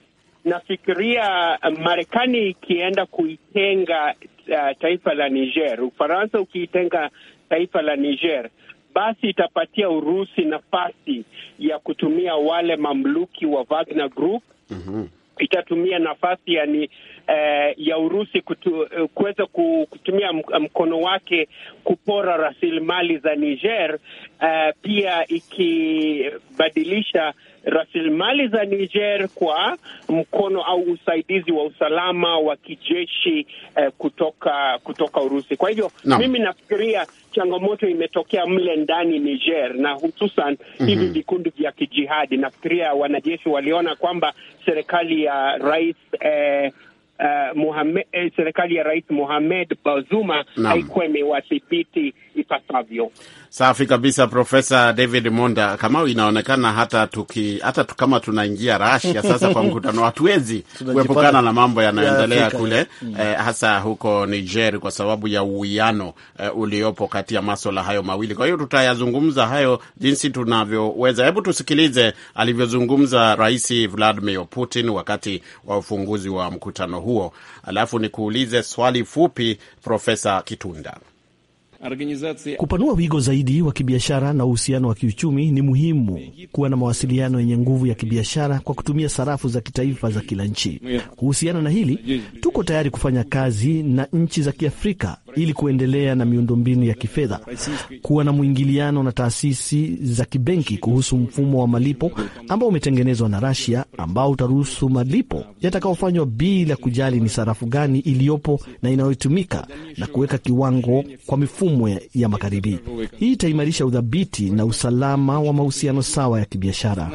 Nafikiria Marekani ikienda kuitenga uh, taifa la Niger, Ufaransa ukiitenga taifa la Niger, basi itapatia Urusi nafasi ya kutumia wale mamluki wa Wagner Group. mm -hmm. Itatumia nafasi yani, eh, ya Urusi kutu, eh, kuweza kutumia mkono wake kupora rasilimali za Niger, eh, pia ikibadilisha rasilimali za Niger kwa mkono au usaidizi wa usalama wa kijeshi eh, kutoka kutoka Urusi. Kwa hivyo no. mimi nafikiria changamoto imetokea mle ndani Niger na hususan mm -hmm. hivi vikundi vya kijihadi. Nafikiria wanajeshi waliona kwamba serikali ya rais eh, uh, Mohamed, eh, serikali ya Rais Mohamed Bazuma haikuwa imewadhibiti ipasavyo. Safi kabisa, Profesa David Monda. Kama inaonekana hata tuki hata kama tunaingia Russia sasa kwa mkutano, hatuwezi kuepukana na mambo yanayoendelea ya kule mm. eh, hasa huko Niger kwa sababu ya uwiano eh, uliopo kati ya maswala hayo mawili. Kwa hiyo tutayazungumza hayo jinsi tunavyoweza. Hebu tusikilize alivyozungumza Rais Vladimir Putin wakati wa ufunguzi wa mkutano huu huo, alafu nikuulize swali fupi, Profesa Kitunda. Kupanua wigo zaidi wa kibiashara na uhusiano wa kiuchumi ni muhimu kuwa na mawasiliano yenye nguvu ya kibiashara kwa kutumia sarafu za kitaifa za kila nchi. Kuhusiana na hili, tuko tayari kufanya kazi na nchi za Kiafrika ili kuendelea na miundombinu ya kifedha, kuwa na mwingiliano na taasisi za kibenki kuhusu mfumo wa malipo ambao umetengenezwa na Rasia, ambao utaruhusu malipo yatakaofanywa bila kujali ni sarafu gani iliyopo na inayotumika na kuweka kiwango kwa mifumo ya magharibi. Hii itaimarisha udhabiti na usalama wa mahusiano sawa ya kibiashara.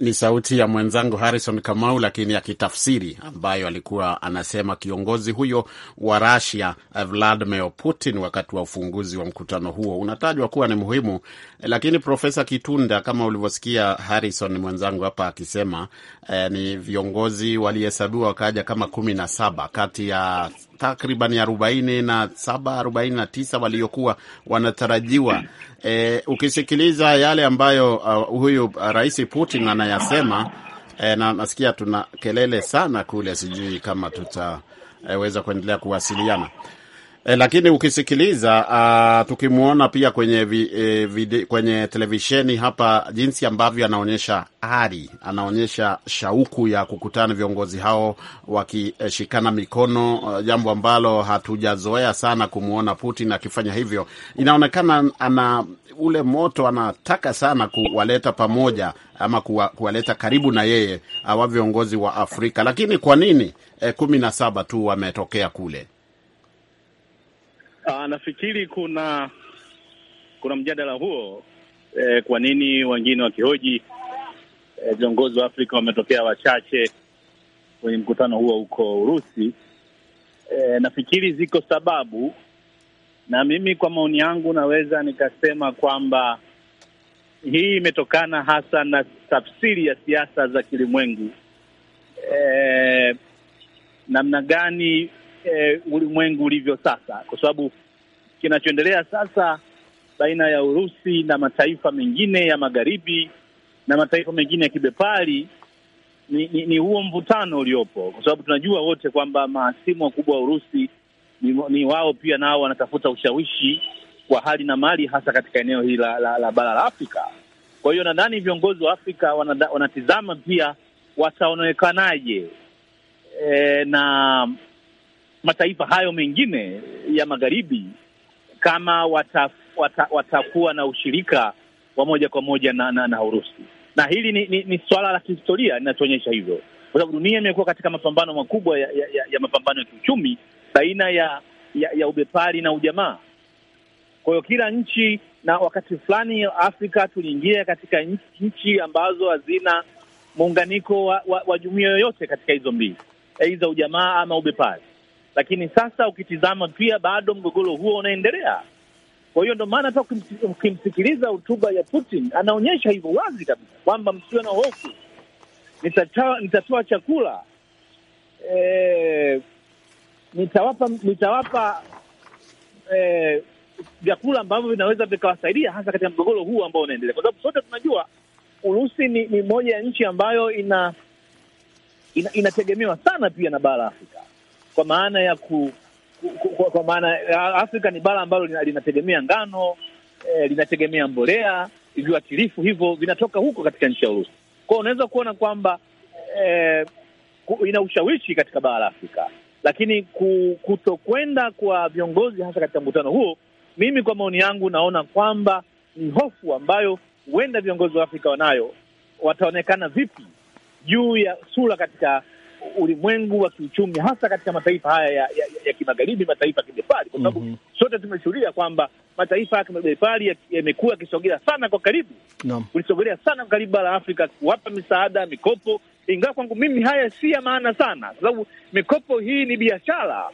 Ni sauti ya mwenzangu Harrison Kamau, lakini akitafsiri ambayo alikuwa anasema kiongozi huyo wa Russia Vladimir Putin wakati wa ufunguzi wa mkutano huo unatajwa kuwa ni muhimu. Lakini Profesa Kitunda, kama ulivyosikia Harrison mwenzangu hapa akisema eh, ni viongozi walihesabiwa wakaja kama kumi na saba kati ya takriban arobaini na saba arobaini na tisa waliokuwa wanatarajiwa. E, ukisikiliza yale ambayo uh, huyu uh, Rais Putin anayasema e, na nasikia tuna kelele sana kule, sijui kama tutaweza e, kuendelea kuwasiliana E, lakini ukisikiliza uh, tukimwona pia kwenye vi, e, vide, kwenye televisheni hapa jinsi ambavyo anaonyesha ari, anaonyesha shauku ya kukutana viongozi hao wakishikana e, mikono uh, jambo ambalo hatujazoea sana kumwona Putin akifanya hivyo. Inaonekana ana ule moto, anataka sana kuwaleta pamoja ama kuwa, kuwaleta karibu na yeye awa viongozi wa Afrika. Lakini kwa nini e, kumi na saba tu wametokea kule? Aa, ah, nafikiri kuna kuna mjadala huo e, kwa nini wengine wakihoji eh, viongozi e, wa Afrika wametokea wachache kwenye mkutano huo huko Urusi. E, nafikiri ziko sababu, na mimi kwa maoni yangu naweza nikasema kwamba hii imetokana hasa na tafsiri ya siasa za kilimwengu, e, namna gani eh, ulimwengu ulivyo sasa, kwa sababu kinachoendelea sasa baina ya Urusi na mataifa mengine ya magharibi na mataifa mengine ya kibepari ni, ni, ni huo mvutano uliopo, kwa sababu tunajua wote kwamba mahasimu wakubwa wa Urusi ni, ni wao pia nao wanatafuta ushawishi kwa hali na mali, hasa katika eneo hili la, la, la bara la Afrika. Kwa hiyo nadhani viongozi wa Afrika wanada, wanatizama pia wataonekanaje e, na mataifa hayo mengine ya magharibi kama watakuwa wata, wata na ushirika wa moja kwa moja na, na, na Urusi. Na hili ni, ni, ni swala la kihistoria linatuonyesha hivyo, kwa sababu dunia imekuwa katika mapambano makubwa ya, ya, ya mapambano ya kiuchumi baina ya, ya, ya ubepari na ujamaa. Kwa hiyo kila nchi na wakati fulani Afrika tuliingia katika nchi ambazo hazina muunganiko wa, wa, wa jumuiya yoyote katika hizo mbili, aidha ujamaa ama ubepari lakini sasa ukitizama pia bado mgogoro huo unaendelea. Kwa hiyo ndo maana hata ukimsikiliza hotuba ya Putin anaonyesha hivyo wazi kabisa kwamba msiwe na hofu, nitatoa chakula e, nitawapa nitawapa e, vyakula ambavyo vinaweza vikawasaidia hasa katika mgogoro huu ambao unaendelea, kwa sababu sote tunajua Urusi ni, ni moja ya nchi ambayo ina, ina, inategemewa sana pia na bara la Afrika kwa maana ya ku, ku, ku, kwa maana Afrika ni bara ambalo linategemea ngano eh, linategemea mbolea, viwatilifu hivyo vinatoka huko katika nchi ya Urusi. Kwao unaweza kuona kwamba eh, ina ushawishi katika bara la Afrika, lakini kutokwenda kwa viongozi hasa katika mkutano huo, mimi kwa maoni yangu naona kwamba ni hofu ambayo huenda viongozi wa Afrika wanayo, wataonekana vipi juu ya sura katika ulimwengu wa kiuchumi, hasa katika mataifa haya ya, ya, ya kimagharibi, mataifa ya kibepari, kwa sababu mm -hmm. sote tumeshuhudia kwamba mataifa ya kibepari yamekuwa yakisogea sana kwa karibu no. kulisogelea sana kwa karibu bara la Afrika, kuwapa misaada, mikopo, ingawa kwangu mimi haya si ya maana sana, kwa sababu mikopo hii ni biashara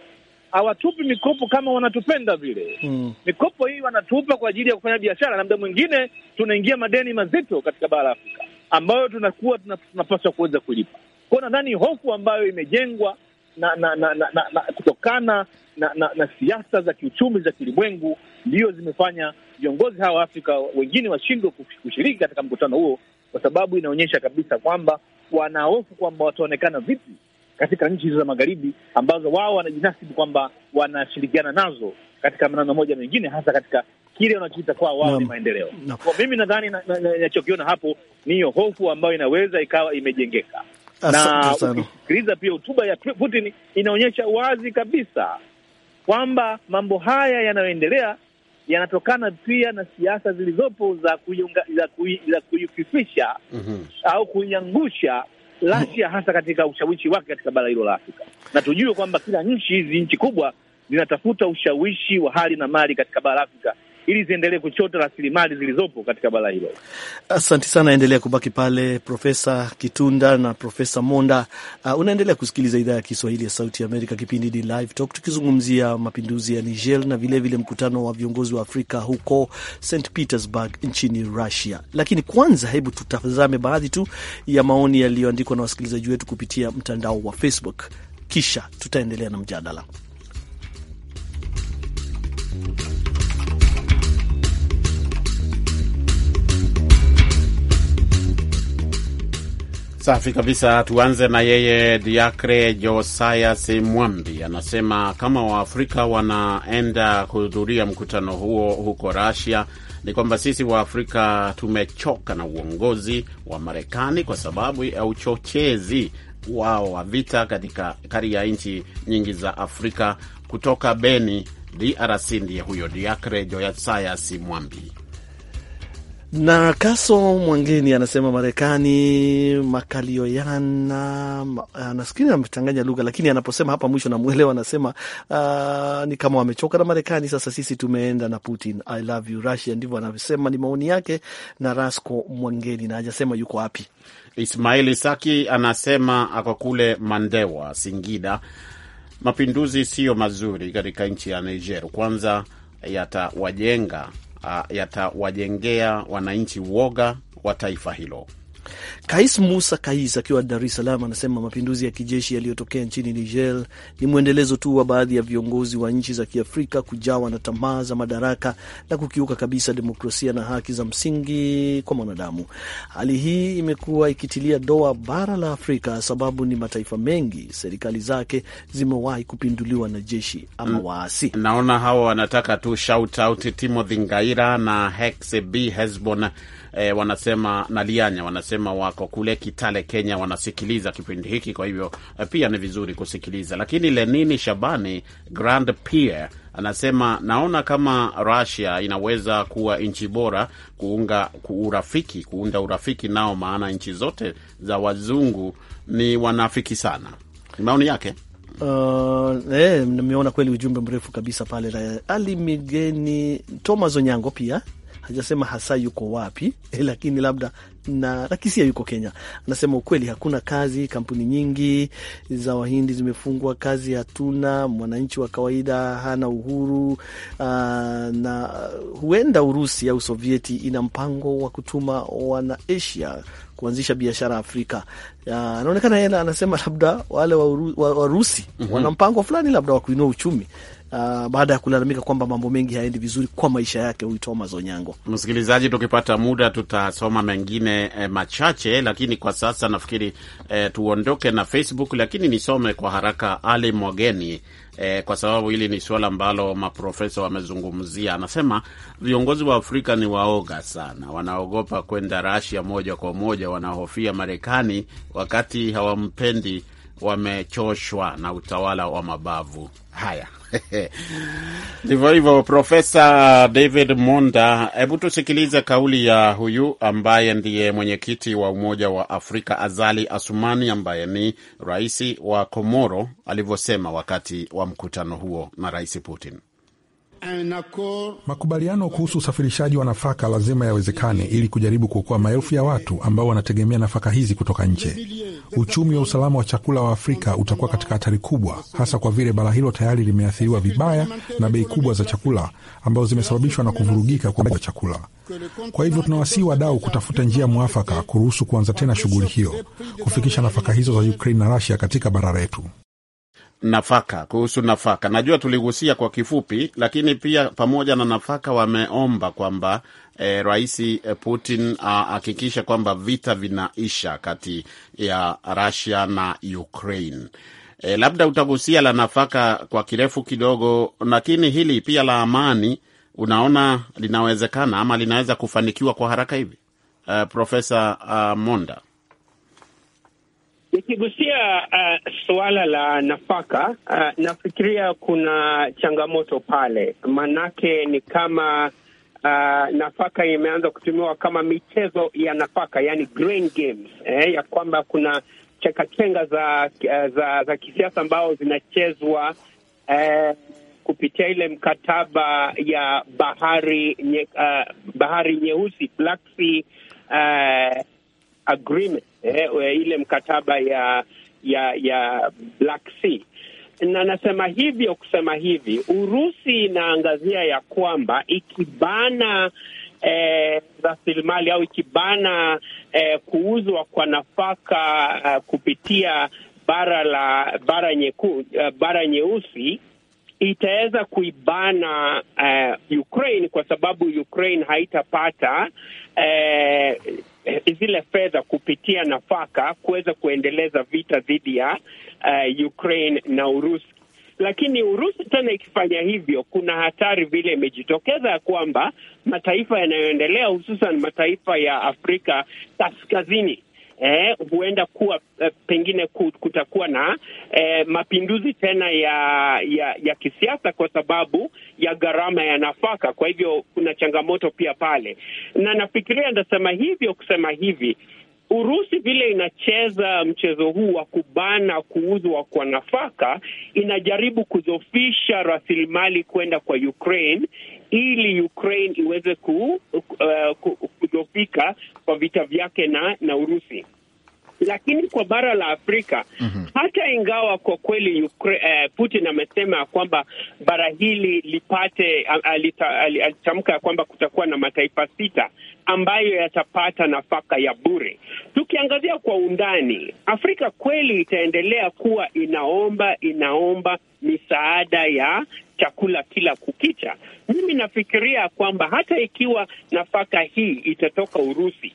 hawatupi mikopo kama wanatupenda vile mm. Mikopo hii wanatupa kwa ajili ya kufanya biashara, na muda mwingine tunaingia madeni mazito katika bara la Afrika ambayo tunakuwa tunapaswa kuweza kulipa. Kwao nadhani hofu ambayo imejengwa na, na, na, na, na, na kutokana na, na, na siasa za kiuchumi za kilimwengu ndiyo zimefanya viongozi hawa wa Afrika wengine washindwe kushiriki katika mkutano huo, kwa sababu inaonyesha kabisa kwamba wanahofu kwamba wataonekana vipi katika nchi hizo za magharibi ambazo wao wanajinasibu kwamba wanashirikiana nazo katika maneno moja mengine, hasa katika kile wanachoita kwao wao ni maendeleo Kwa mimi nadhani ninachokiona na, na, na, hapo ni hiyo hofu ambayo inaweza ikawa imejengeka na ukisikiliza pia hotuba ya Putin inaonyesha wazi kabisa kwamba mambo haya yanayoendelea yanatokana pia na siasa zilizopo za za, za kuififisha mm -hmm. au kuiangusha Rasia hasa katika ushawishi wake katika bara hilo la Afrika, na tujue kwamba kila nchi hizi nchi kubwa zinatafuta ushawishi wa hali na mali katika bara la Afrika ili ziendelee kuchota rasilimali zilizopo katika bara hilo. Asante sana, endelea kubaki pale Profesa Kitunda na Profesa Monda. Uh, unaendelea kusikiliza idhaa ya Kiswahili ya Sauti ya Amerika, kipindi ni Live Talk, tukizungumzia mapinduzi ya Niger na vilevile vile mkutano wa viongozi wa Afrika huko St Petersburg nchini Russia. Lakini kwanza, hebu tutazame baadhi tu ya maoni yaliyoandikwa na wasikilizaji wetu kupitia mtandao wa Facebook, kisha tutaendelea na mjadala. Safi kabisa. Tuanze na yeye Diakre Josias Mwambi, anasema kama Waafrika wanaenda kuhudhuria mkutano huo huko Rasia ni kwamba sisi Waafrika tumechoka na uongozi wa Marekani kwa sababu ya uchochezi wao wa vita katika kari ya nchi nyingi za Afrika. Kutoka Beni, DRC, ndiye huyo Diakre Josias Mwambi. Na Kaso Mwangeni anasema Marekani, makalioyana anasikiri ah, amechanganya lugha, lakini anaposema hapa mwisho namwelewa, anasema uh, ni kama wamechoka na Marekani, sasa sisi tumeenda na Putin, I love you Russia. Ndivyo anavyosema, ni maoni yake na Rasco Mwangeni, na hajasema yuko wapi. Ismaili Saki anasema ako kule Mandewa, Singida. Mapinduzi siyo mazuri katika nchi ya Niger, kwanza yatawajenga Ah, yatawajengea wananchi uoga wa taifa hilo. Kais Musa Kais akiwa Dar es Salaam anasema mapinduzi ya kijeshi yaliyotokea nchini Niger ni mwendelezo tu wa baadhi ya viongozi wa nchi za Kiafrika kujawa na tamaa za madaraka na kukiuka kabisa demokrasia na haki za msingi kwa mwanadamu. Hali hii imekuwa ikitilia doa bara la Afrika, sababu ni mataifa mengi serikali zake zimewahi kupinduliwa na jeshi ama mm. waasi. Naona hawa wanataka tu shout out Timothy Ngaira na Hexe B Hesbon e, wanasema Nalianya, wanasema wako kule Kitale, Kenya, wanasikiliza kipindi hiki, kwa hivyo eh, pia ni vizuri kusikiliza. Lakini Lenini Shabani Grand Pierre anasema naona kama Russia inaweza kuwa nchi bora kuunga urafiki, kuunda urafiki nao, maana nchi zote za wazungu ni wanafiki sana. Ni maoni yake. Uh, eh, nimeona kweli ujumbe mrefu kabisa pale na Ali Migeni Thomas Onyango pia hajasema hasa yuko wapi, lakini labda na nakisia yuko Kenya. Anasema ukweli, hakuna kazi, kampuni nyingi za wahindi zimefungwa, kazi hatuna, mwananchi wa kawaida hana uhuru. Uh, na huenda Urusi au Sovieti ina mpango wa kutuma wana Asia kuanzisha biashara Afrika. Ah, anaonekana yeye anasema labda wale Warusi wa, wa, wa mm -hmm. wana mpango fulani labda wa kuinua uchumi uh, baada ya kulalamika kwamba mambo mengi hayaendi vizuri kwa maisha yake huyu Thomas Onyango. Msikilizaji, tukipata muda tutasoma mengine eh, machache, lakini kwa sasa nafikiri eh, tuondoke na Facebook, lakini nisome kwa haraka Ali Mwageni eh, kwa sababu hili ni suala ambalo maprofesa wamezungumzia. Anasema viongozi wa Afrika ni waoga sana, wanaogopa kwenda Rasia moja kwa moja, wanahofia Marekani wakati hawampendi wamechoshwa na utawala wa mabavu. Haya, Ndivyo hivyo, Profesa David Monda. Hebu tusikilize kauli ya huyu ambaye ndiye mwenyekiti wa Umoja wa Afrika Azali Asumani, ambaye ni rais wa Komoro, alivyosema wakati wa mkutano huo na Rais Putin. Makubaliano kuhusu usafirishaji wa nafaka lazima yawezekane ili kujaribu kuokoa maelfu ya watu ambao wanategemea nafaka hizi kutoka nje. Uchumi wa usalama wa chakula wa Afrika utakuwa katika hatari kubwa, hasa kwa vile bara hilo tayari limeathiriwa vibaya na bei kubwa za chakula ambazo zimesababishwa na kuvurugika kwa chakula. Kwa hivyo tunawasihi wadau kutafuta njia mwafaka kuruhusu kuanza tena shughuli hiyo, kufikisha nafaka hizo za Ukraine na rusia katika bara letu nafaka, kuhusu nafaka, najua tuligusia kwa kifupi, lakini pia pamoja na nafaka wameomba kwamba E, Rais eh, Putin ah, ahakikisha kwamba vita vinaisha kati ya Russia na Ukraine. E, labda utagusia la nafaka kwa kirefu kidogo, lakini hili pia la amani unaona linawezekana ama linaweza kufanikiwa kwa haraka hivi, uh, Profesa uh, Monda? Nikigusia uh, suala la nafaka uh, nafikiria kuna changamoto pale, manake ni kama uh, nafaka imeanza kutumiwa kama michezo ya nafaka, yani grain games, eh, ya kwamba kuna chekachenga za, uh, za, za kisiasa ambao zinachezwa eh, kupitia ile mkataba ya bahari nye, uh, bahari nyeusi Black Sea uh, agreement Eh, eh, ile mkataba ya ya ya Black Sea. Na nasema hivyo kusema hivi, Urusi inaangazia ya kwamba ikibana eh, rasilimali au ikibana eh, kuuzwa kwa nafaka eh, kupitia bara la bara nyeku, eh, bara nyeusi itaweza kuibana uh, Ukraine kwa sababu Ukraine haitapata uh, Eh, zile fedha kupitia nafaka kuweza kuendeleza vita dhidi ya uh, Ukraine na Urusi. Lakini Urusi tena ikifanya hivyo, kuna hatari vile imejitokeza ya kwamba mataifa yanayoendelea hususan mataifa ya Afrika kaskazini eh, huenda kuwa eh, pengine kutakuwa na eh, mapinduzi tena ya ya, ya kisiasa kwa sababu ya gharama ya nafaka. Kwa hivyo kuna changamoto pia pale, na nafikiria ndasema hivyo kusema hivi Urusi vile inacheza mchezo huu wa kubana kuuzwa kwa nafaka, inajaribu kuzofisha rasilimali kwenda kwa Ukraine ili Ukraine iweze ku, uh, kwa vita vyake na, na Urusi lakini kwa bara la Afrika mm -hmm. Hata ingawa kwa kweli Ukra uh, Putin amesema kwamba bara hili lipate, alitamka kwamba kutakuwa na mataifa sita ambayo yatapata nafaka ya bure. Tukiangazia kwa undani, Afrika kweli itaendelea kuwa inaomba inaomba misaada ya chakula kila kukicha. Mimi nafikiria kwamba hata ikiwa nafaka hii itatoka Urusi,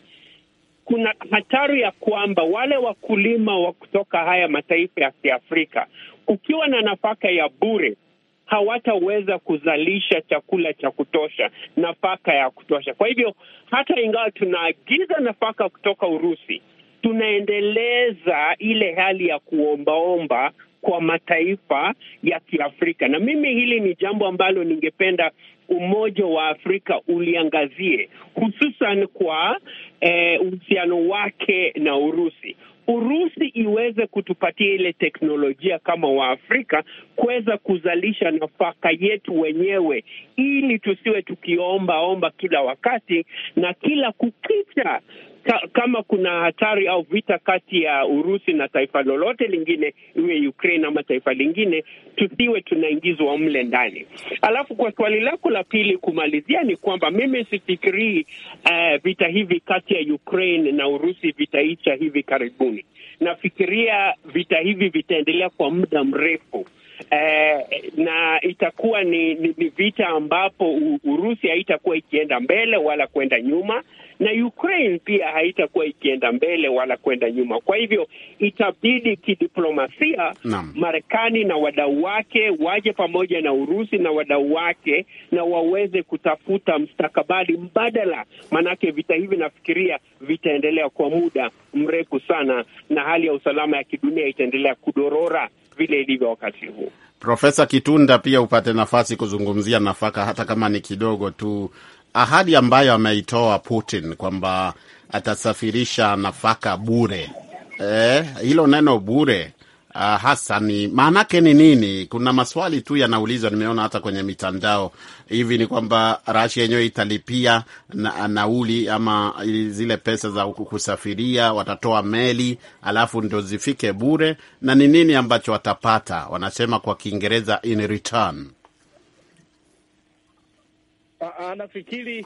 kuna hatari ya kwamba wale wakulima wa kutoka haya mataifa ya Kiafrika, kukiwa na nafaka ya bure hawataweza kuzalisha chakula cha kutosha, nafaka ya kutosha. Kwa hivyo hata ingawa tunaagiza nafaka kutoka Urusi, tunaendeleza ile hali ya kuombaomba kwa mataifa ya Kiafrika, na mimi hili ni jambo ambalo ningependa Umoja wa Afrika uliangazie hususan kwa eh, uhusiano eh, wake na Urusi. Urusi iweze kutupatia ile teknolojia kama Waafrika kuweza kuzalisha nafaka yetu wenyewe, ili tusiwe tukiomba omba kila wakati na kila kukicha ka, kama kuna hatari au vita kati ya Urusi na taifa lolote lingine, iwe Ukraine ama taifa lingine, tusiwe tunaingizwa mle ndani. Alafu kwa swali lako la pili kumalizia, ni kwamba mimi sifikirii uh, vita hivi kati ya Ukraine na Urusi vitaisha hivi karibuni. Nafikiria vita hivi vitaendelea kwa muda mrefu. Eh, na itakuwa ni, ni, ni vita ambapo Urusi haitakuwa ikienda mbele wala kwenda nyuma na Ukraine pia haitakuwa ikienda mbele wala kwenda nyuma. Kwa hivyo itabidi kidiplomasia, Marekani na wadau wake waje pamoja na Urusi na wadau wake, na waweze kutafuta mstakabali mbadala, maanake vita hivi nafikiria vitaendelea kwa muda mrefu sana, na hali ya usalama ya kidunia itaendelea kudorora vile ilivyo wakati huu. Profesa Kitunda, pia upate nafasi kuzungumzia nafaka hata kama ni kidogo tu ahadi ambayo ameitoa Putin kwamba atasafirisha nafaka bure. Eh, hilo neno bure Uh, hasa ni maanake ni nini? Kuna maswali tu yanaulizwa, nimeona hata kwenye mitandao. Hivi ni kwamba Russia yenyewe italipia na, nauli ama zile pesa za kusafiria, watatoa meli alafu ndo zifike bure? Na ni nini ambacho watapata? Wanasema kwa Kiingereza in return Nafikiri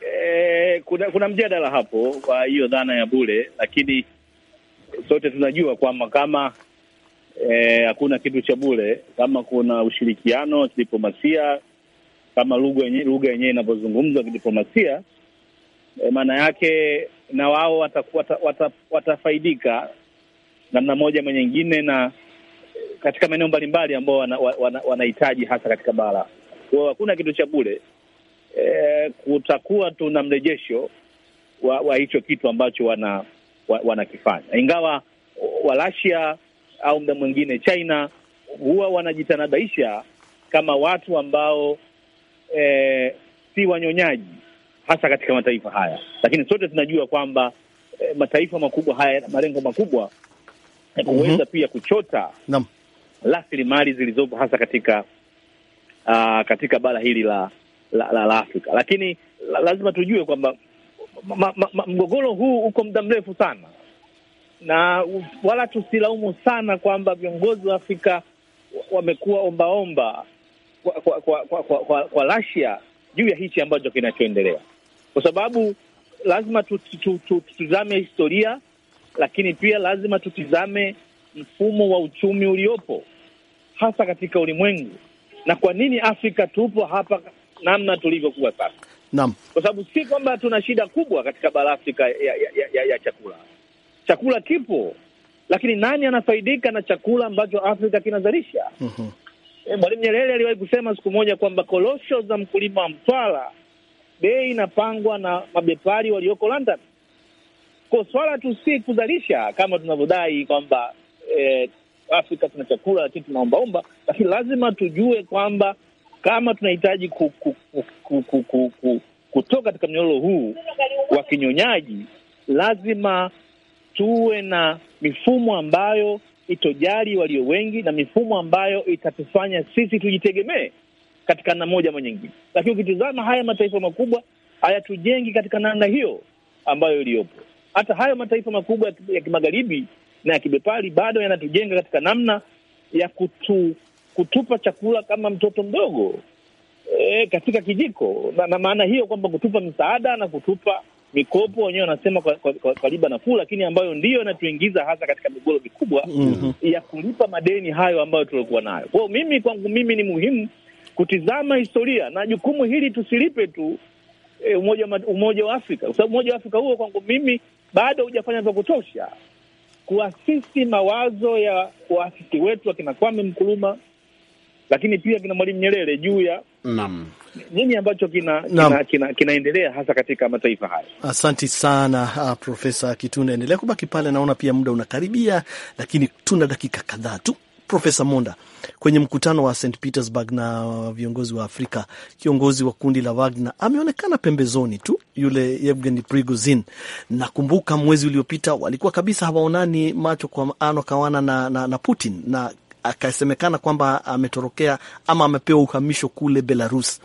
eh, kuna kuna mjadala hapo kwa hiyo dhana ya bure, lakini sote tunajua kwamba kama eh, hakuna eh, kitu cha bure, kama kuna ushirikiano kidiplomasia, kama lugha yenyewe inavyozungumzwa kidiplomasia, eh, maana yake na wao watafaidika wata, wata, wata namna moja ama nyingine na katika maeneo mbalimbali ambao wanahitaji wana, wana, wana hasa katika bara kwa hakuna kitu cha bure. E, kutakuwa tuna mrejesho wa, wa hicho kitu ambacho wana wanakifanya wana ingawa Warasia au mda mwingine China huwa wanajitanadaisha kama watu ambao e, si wanyonyaji hasa katika mataifa haya, lakini sote tunajua kwamba e, mataifa makubwa haya yana malengo makubwa ya kuweza mm -hmm. pia kuchota rasilimali zilizopo hasa katika uh, katika bara hili la la, la, la Afrika, lakini la, lazima tujue kwamba mgogoro huu uko muda mrefu sana, na wala tusilaumu sana kwamba viongozi wa Afrika wamekuwa ombaomba kwa kwa kwa, kwa, kwa, kwa, kwa Russia juu ya hichi ambacho kinachoendelea, kwa sababu lazima tutizame historia, lakini pia lazima tutizame mfumo wa uchumi uliopo hasa katika ulimwengu na kwa nini Afrika tupo hapa namna tulivyokuwa sasa. Naam, kwa sababu si kwamba tuna shida kubwa katika bara Afrika ya, ya, ya, ya chakula. Chakula kipo, lakini nani anafaidika na chakula ambacho Afrika kinazalisha? mm-hmm. E, Mwalimu Nyerere aliwahi kusema siku moja kwamba korosho za mkulima wa Mtwara bei inapangwa na mabepari walioko London. Kwa swala tu si kuzalisha kama tunavyodai kwamba eh, Afrika tuna chakula, lakini tunaombaomba, lakini lazima tujue kwamba kama tunahitaji ku, ku, ku, ku, ku, ku, ku, kutoka katika mnyororo huu wa kinyonyaji, lazima tuwe na mifumo ambayo itojali walio wengi na mifumo ambayo itatufanya sisi tujitegemee katika namna moja ama nyingine. Lakini ukitizama haya mataifa makubwa hayatujengi katika namna hiyo ambayo iliyopo. Hata hayo mataifa makubwa ya kimagharibi na ya kibepari bado yanatujenga katika namna ya kutu, kutupa chakula kama mtoto mdogo e, katika kijiko na, na maana hiyo kwamba kutupa msaada na kutupa mikopo wenyewe wanasema kwa, kwa, kwa, kwa riba nafuu, lakini ambayo ndiyo inatuingiza hasa katika migogoro mikubwa mm -hmm. ya kulipa madeni hayo ambayo tuliokuwa nayo. Kwa hiyo mimi kwangu mimi ni muhimu kutizama historia na jukumu hili tusilipe tu e, umoja, umoja wa Afrika kwa sababu umoja wa Afrika huo kwangu mimi bado hujafanya vya kutosha kuasisi mawazo ya waasisi wetu akina Kwame Nkrumah, lakini pia kina Mwalimu Nyerere juu ya naam nini ambacho kinaendelea kina, kina, kina hasa katika mataifa haya. Asanti sana uh, Profesa Kitunda, endelea kubaki pale, naona pia muda unakaribia, lakini tuna dakika kadhaa tu. Profesa Monda, kwenye mkutano wa St Petersburg na viongozi wa Afrika, kiongozi wa kundi la Wagner ameonekana pembezoni tu, yule Yevgeni Prigozhin. Nakumbuka mwezi uliopita walikuwa kabisa hawaonani macho kwa ano kawana na, na, na Putin na akasemekana kwamba ametorokea ama amepewa uhamisho kule Belarus.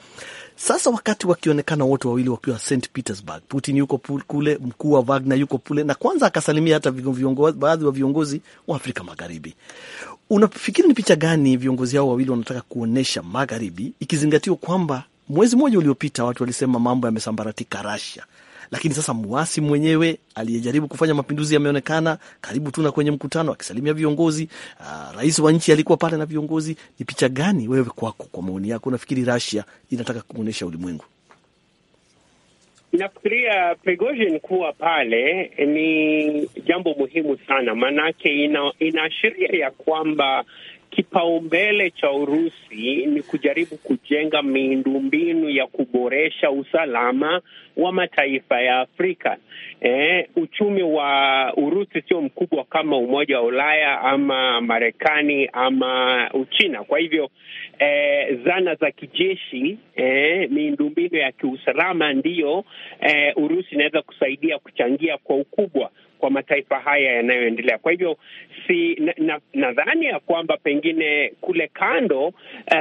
Sasa wakati wakionekana wote wawili wakiwa St Petersburg, Putin yuko kule, mkuu wa Wagner yuko kule, na kwanza akasalimia hata baadhi wa viongozi wa Afrika Magharibi unafikiri ni picha gani viongozi hao wawili wanataka kuonyesha magharibi, ikizingatiwa kwamba mwezi mmoja uliopita watu walisema mambo yamesambaratika Russia, lakini sasa mwasi mwenyewe aliyejaribu kufanya mapinduzi yameonekana karibu tu na kwenye mkutano akisalimia viongozi. Uh, rais wa nchi alikuwa pale na viongozi. Ni picha gani wewe kwako, kwa maoni yako, unafikiri Russia inataka kuonyesha ulimwengu? Nafikiria Prigozhin kuwa pale ni jambo muhimu sana, maanake ina, inaashiria ya kwamba Kipaumbele cha Urusi ni kujaribu kujenga miundombinu ya kuboresha usalama wa mataifa ya Afrika. Eh, uchumi wa Urusi sio mkubwa kama Umoja wa Ulaya ama Marekani ama Uchina. Kwa hivyo eh, zana za kijeshi eh, miundombinu ya kiusalama ndiyo eh, Urusi inaweza kusaidia kuchangia kwa ukubwa kwa mataifa haya yanayoendelea. Kwa hivyo si nadhani na, ya kwamba pengine kule kando uh,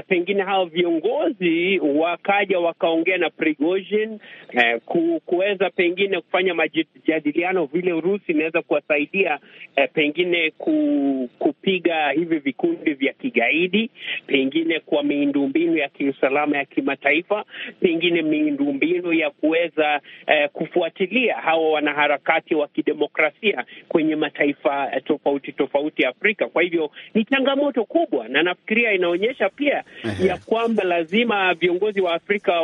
pengine hawa viongozi wakaja wakaongea na Prigozhin uh, kuweza pengine kufanya majadiliano vile Urusi inaweza kuwasaidia uh, pengine ku, kupiga hivi vikundi vya kigaidi, pengine kwa mbinu ya kiusalama ya kimataifa, pengine mbinu ya kuweza uh, kufuatilia hawa wanaharakati wa kidemokrasia demokrasia kwenye mataifa eh, tofauti tofauti Afrika. Kwa hivyo ni changamoto kubwa, na nafikiria inaonyesha pia ya kwamba lazima viongozi wa Afrika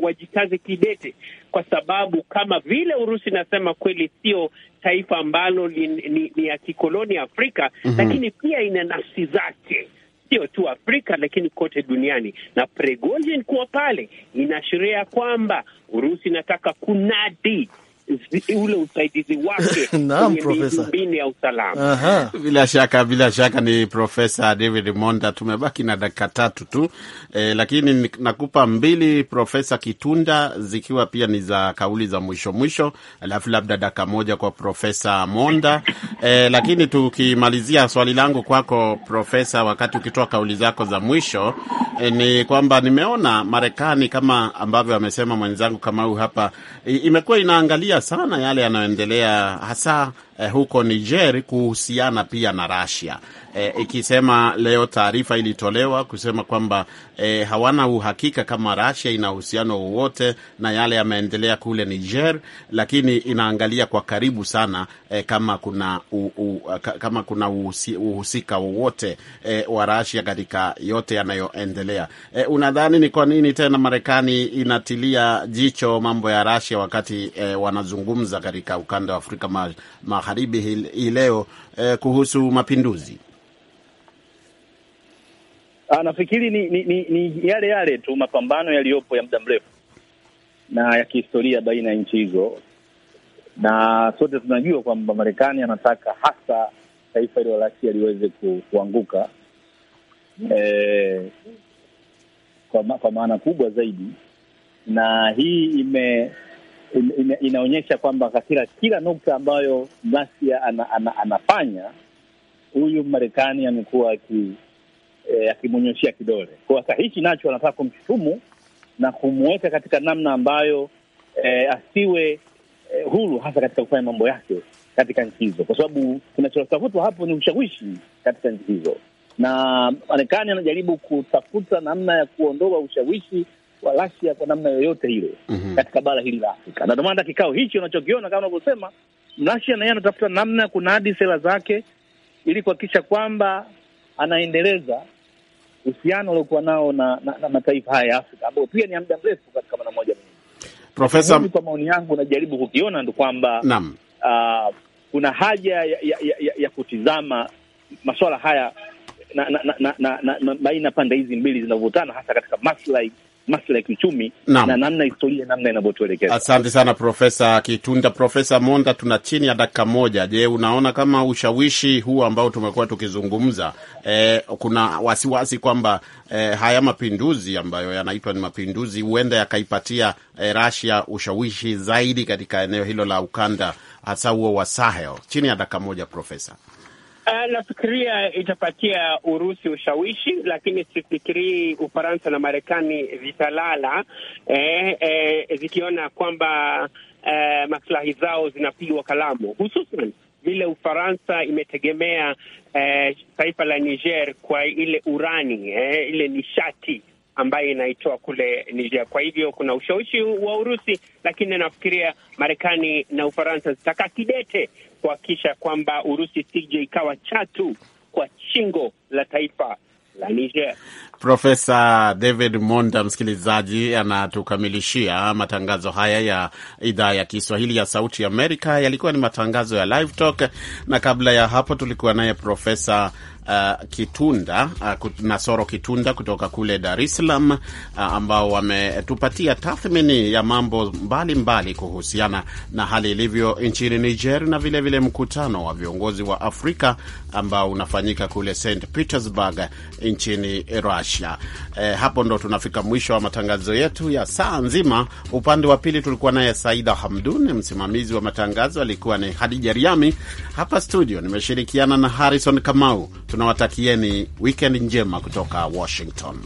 wajikaze wa, wa kidete, kwa sababu kama vile Urusi inasema kweli sio taifa ambalo ni, ni, ni ya kikoloni Afrika mm -hmm. Lakini pia ina nafsi zake sio tu Afrika lakini kote duniani, na Prigozhin kuwa pale inaashiria kwamba Urusi inataka kunadi ule usaidizi wake ya usalama. Bila shaka bila shaka ni Profesa David Monda. Tumebaki na dakika tatu tu e, lakini nakupa mbili Profesa Kitunda, zikiwa pia ni za kauli za mwisho mwisho, alafu labda dakika moja kwa Profesa Monda e, lakini tukimalizia swali langu kwako Profesa, wakati ukitoa kauli zako za mwisho e, ni kwamba nimeona Marekani kama ambavyo amesema mwenzangu Kamau hapa, imekuwa inaangalia sana yale yanayoendelea hasa eh, huko Niger kuhusiana pia na Russia eh, ikisema leo taarifa ilitolewa kusema kwamba eh, hawana uhakika kama Russia ina uhusiano wowote na yale yameendelea kule Niger, lakini inaangalia kwa karibu sana eh, kama kuna u, u, kama kuna uhusi, uhusika wowote eh, wa Russia katika yote yanayoendelea. Eh, unadhani ni kwa nini tena Marekani inatilia jicho mambo ya Russia wakati eh, wanazungumza katika ukanda wa Afrika ma, ma magharibi hii leo eh, kuhusu mapinduzi? Ah, nafikiri ni, ni, ni, ni yale yale tu mapambano yaliyopo ya muda mrefu na ya kihistoria baina ya nchi hizo, na sote tunajua kwamba Marekani anataka hasa taifa hilo la Asia liweze ku, kuanguka eh, kwa, ma, kwa maana kubwa zaidi, na hii ime in, inaonyesha kwamba katika kila nukta ambayo Masia ana, ana, anafanya huyu Marekani amekuwa eh, akimwonyoshea e, kidole. Kwa sasa hichi nacho anataka kumshutumu na kumweka katika namna ambayo e, asiwe e, huru hasa katika kufanya mambo yake katika nchi hizo, kwa sababu kinachotafutwa hapo ni ushawishi katika nchi hizo, na Marekani anajaribu kutafuta namna ya kuondoa ushawishi wa Rasia kwa namna yoyote ile mhm. katika bara hili la Afrika, na ndio maana kikao hichi unachokiona kama unavyosema, Rasia na yeye anatafuta namna ya kunadi sera zake ili kuhakikisha kwamba anaendeleza uhusiano uliokuwa nao na, na, na mataifa haya ya Afrika ambayo pia ni ya muda mrefu katika maana moja. Profesa, kwa maoni yangu najaribu kukiona ndo kwamba uh, kuna haja ya, ya, ya, ya ya kutizama masuala haya na, na, na, na, na, na, baina pande hizi mbili zinavutana hasa katika maslahi maslahi ya kiuchumi na namna historia namna inavyotuelekeza. Asante sana Profesa Kitunda. Profesa Monda, tuna chini ya dakika moja. Je, unaona kama ushawishi huu ambao tumekuwa tukizungumza, eh, kuna wasiwasi kwamba eh, haya mapinduzi ambayo yanaitwa ni mapinduzi huenda yakaipatia eh, Russia ushawishi zaidi katika eneo hilo la ukanda hasa huo wa Sahel? Chini ya dakika moja, Profesa. Ah, nafikiria itapatia Urusi ushawishi, lakini sifikirii Ufaransa na Marekani zitalala eh, eh, zikiona kwamba eh, maslahi zao zinapigwa kalamu, hususan vile Ufaransa imetegemea eh, taifa la Niger kwa ile urani eh, ile nishati ambayo inaitoa kule Niger. Kwa hivyo kuna ushawishi wa Urusi, lakini nafikiria Marekani na Ufaransa zitakaa kidete kuhakikisha kwamba Urusi sije ikawa chatu kwa shingo la taifa la Niger. Profesa David Monda, msikilizaji, anatukamilishia matangazo haya ya idhaa ya Kiswahili ya Sauti Amerika. Yalikuwa ni matangazo ya Live Talk, na kabla ya hapo tulikuwa naye Profesa uh, Kitunda uh, Nasoro Kitunda kutoka kule Dar es Salaam uh, ambao wametupatia tathmini ya mambo mbalimbali mbali kuhusiana na hali ilivyo nchini Niger na vilevile vile mkutano wa viongozi wa Afrika ambao unafanyika kule St Petersburg nchini Russia. E, hapo ndo tunafika mwisho wa matangazo yetu ya saa nzima. Upande wa pili tulikuwa naye Saida Hamdun, msimamizi wa matangazo alikuwa ni Hadija Riami. Hapa studio nimeshirikiana na Harrison Kamau. Tunawatakieni wikend njema kutoka Washington.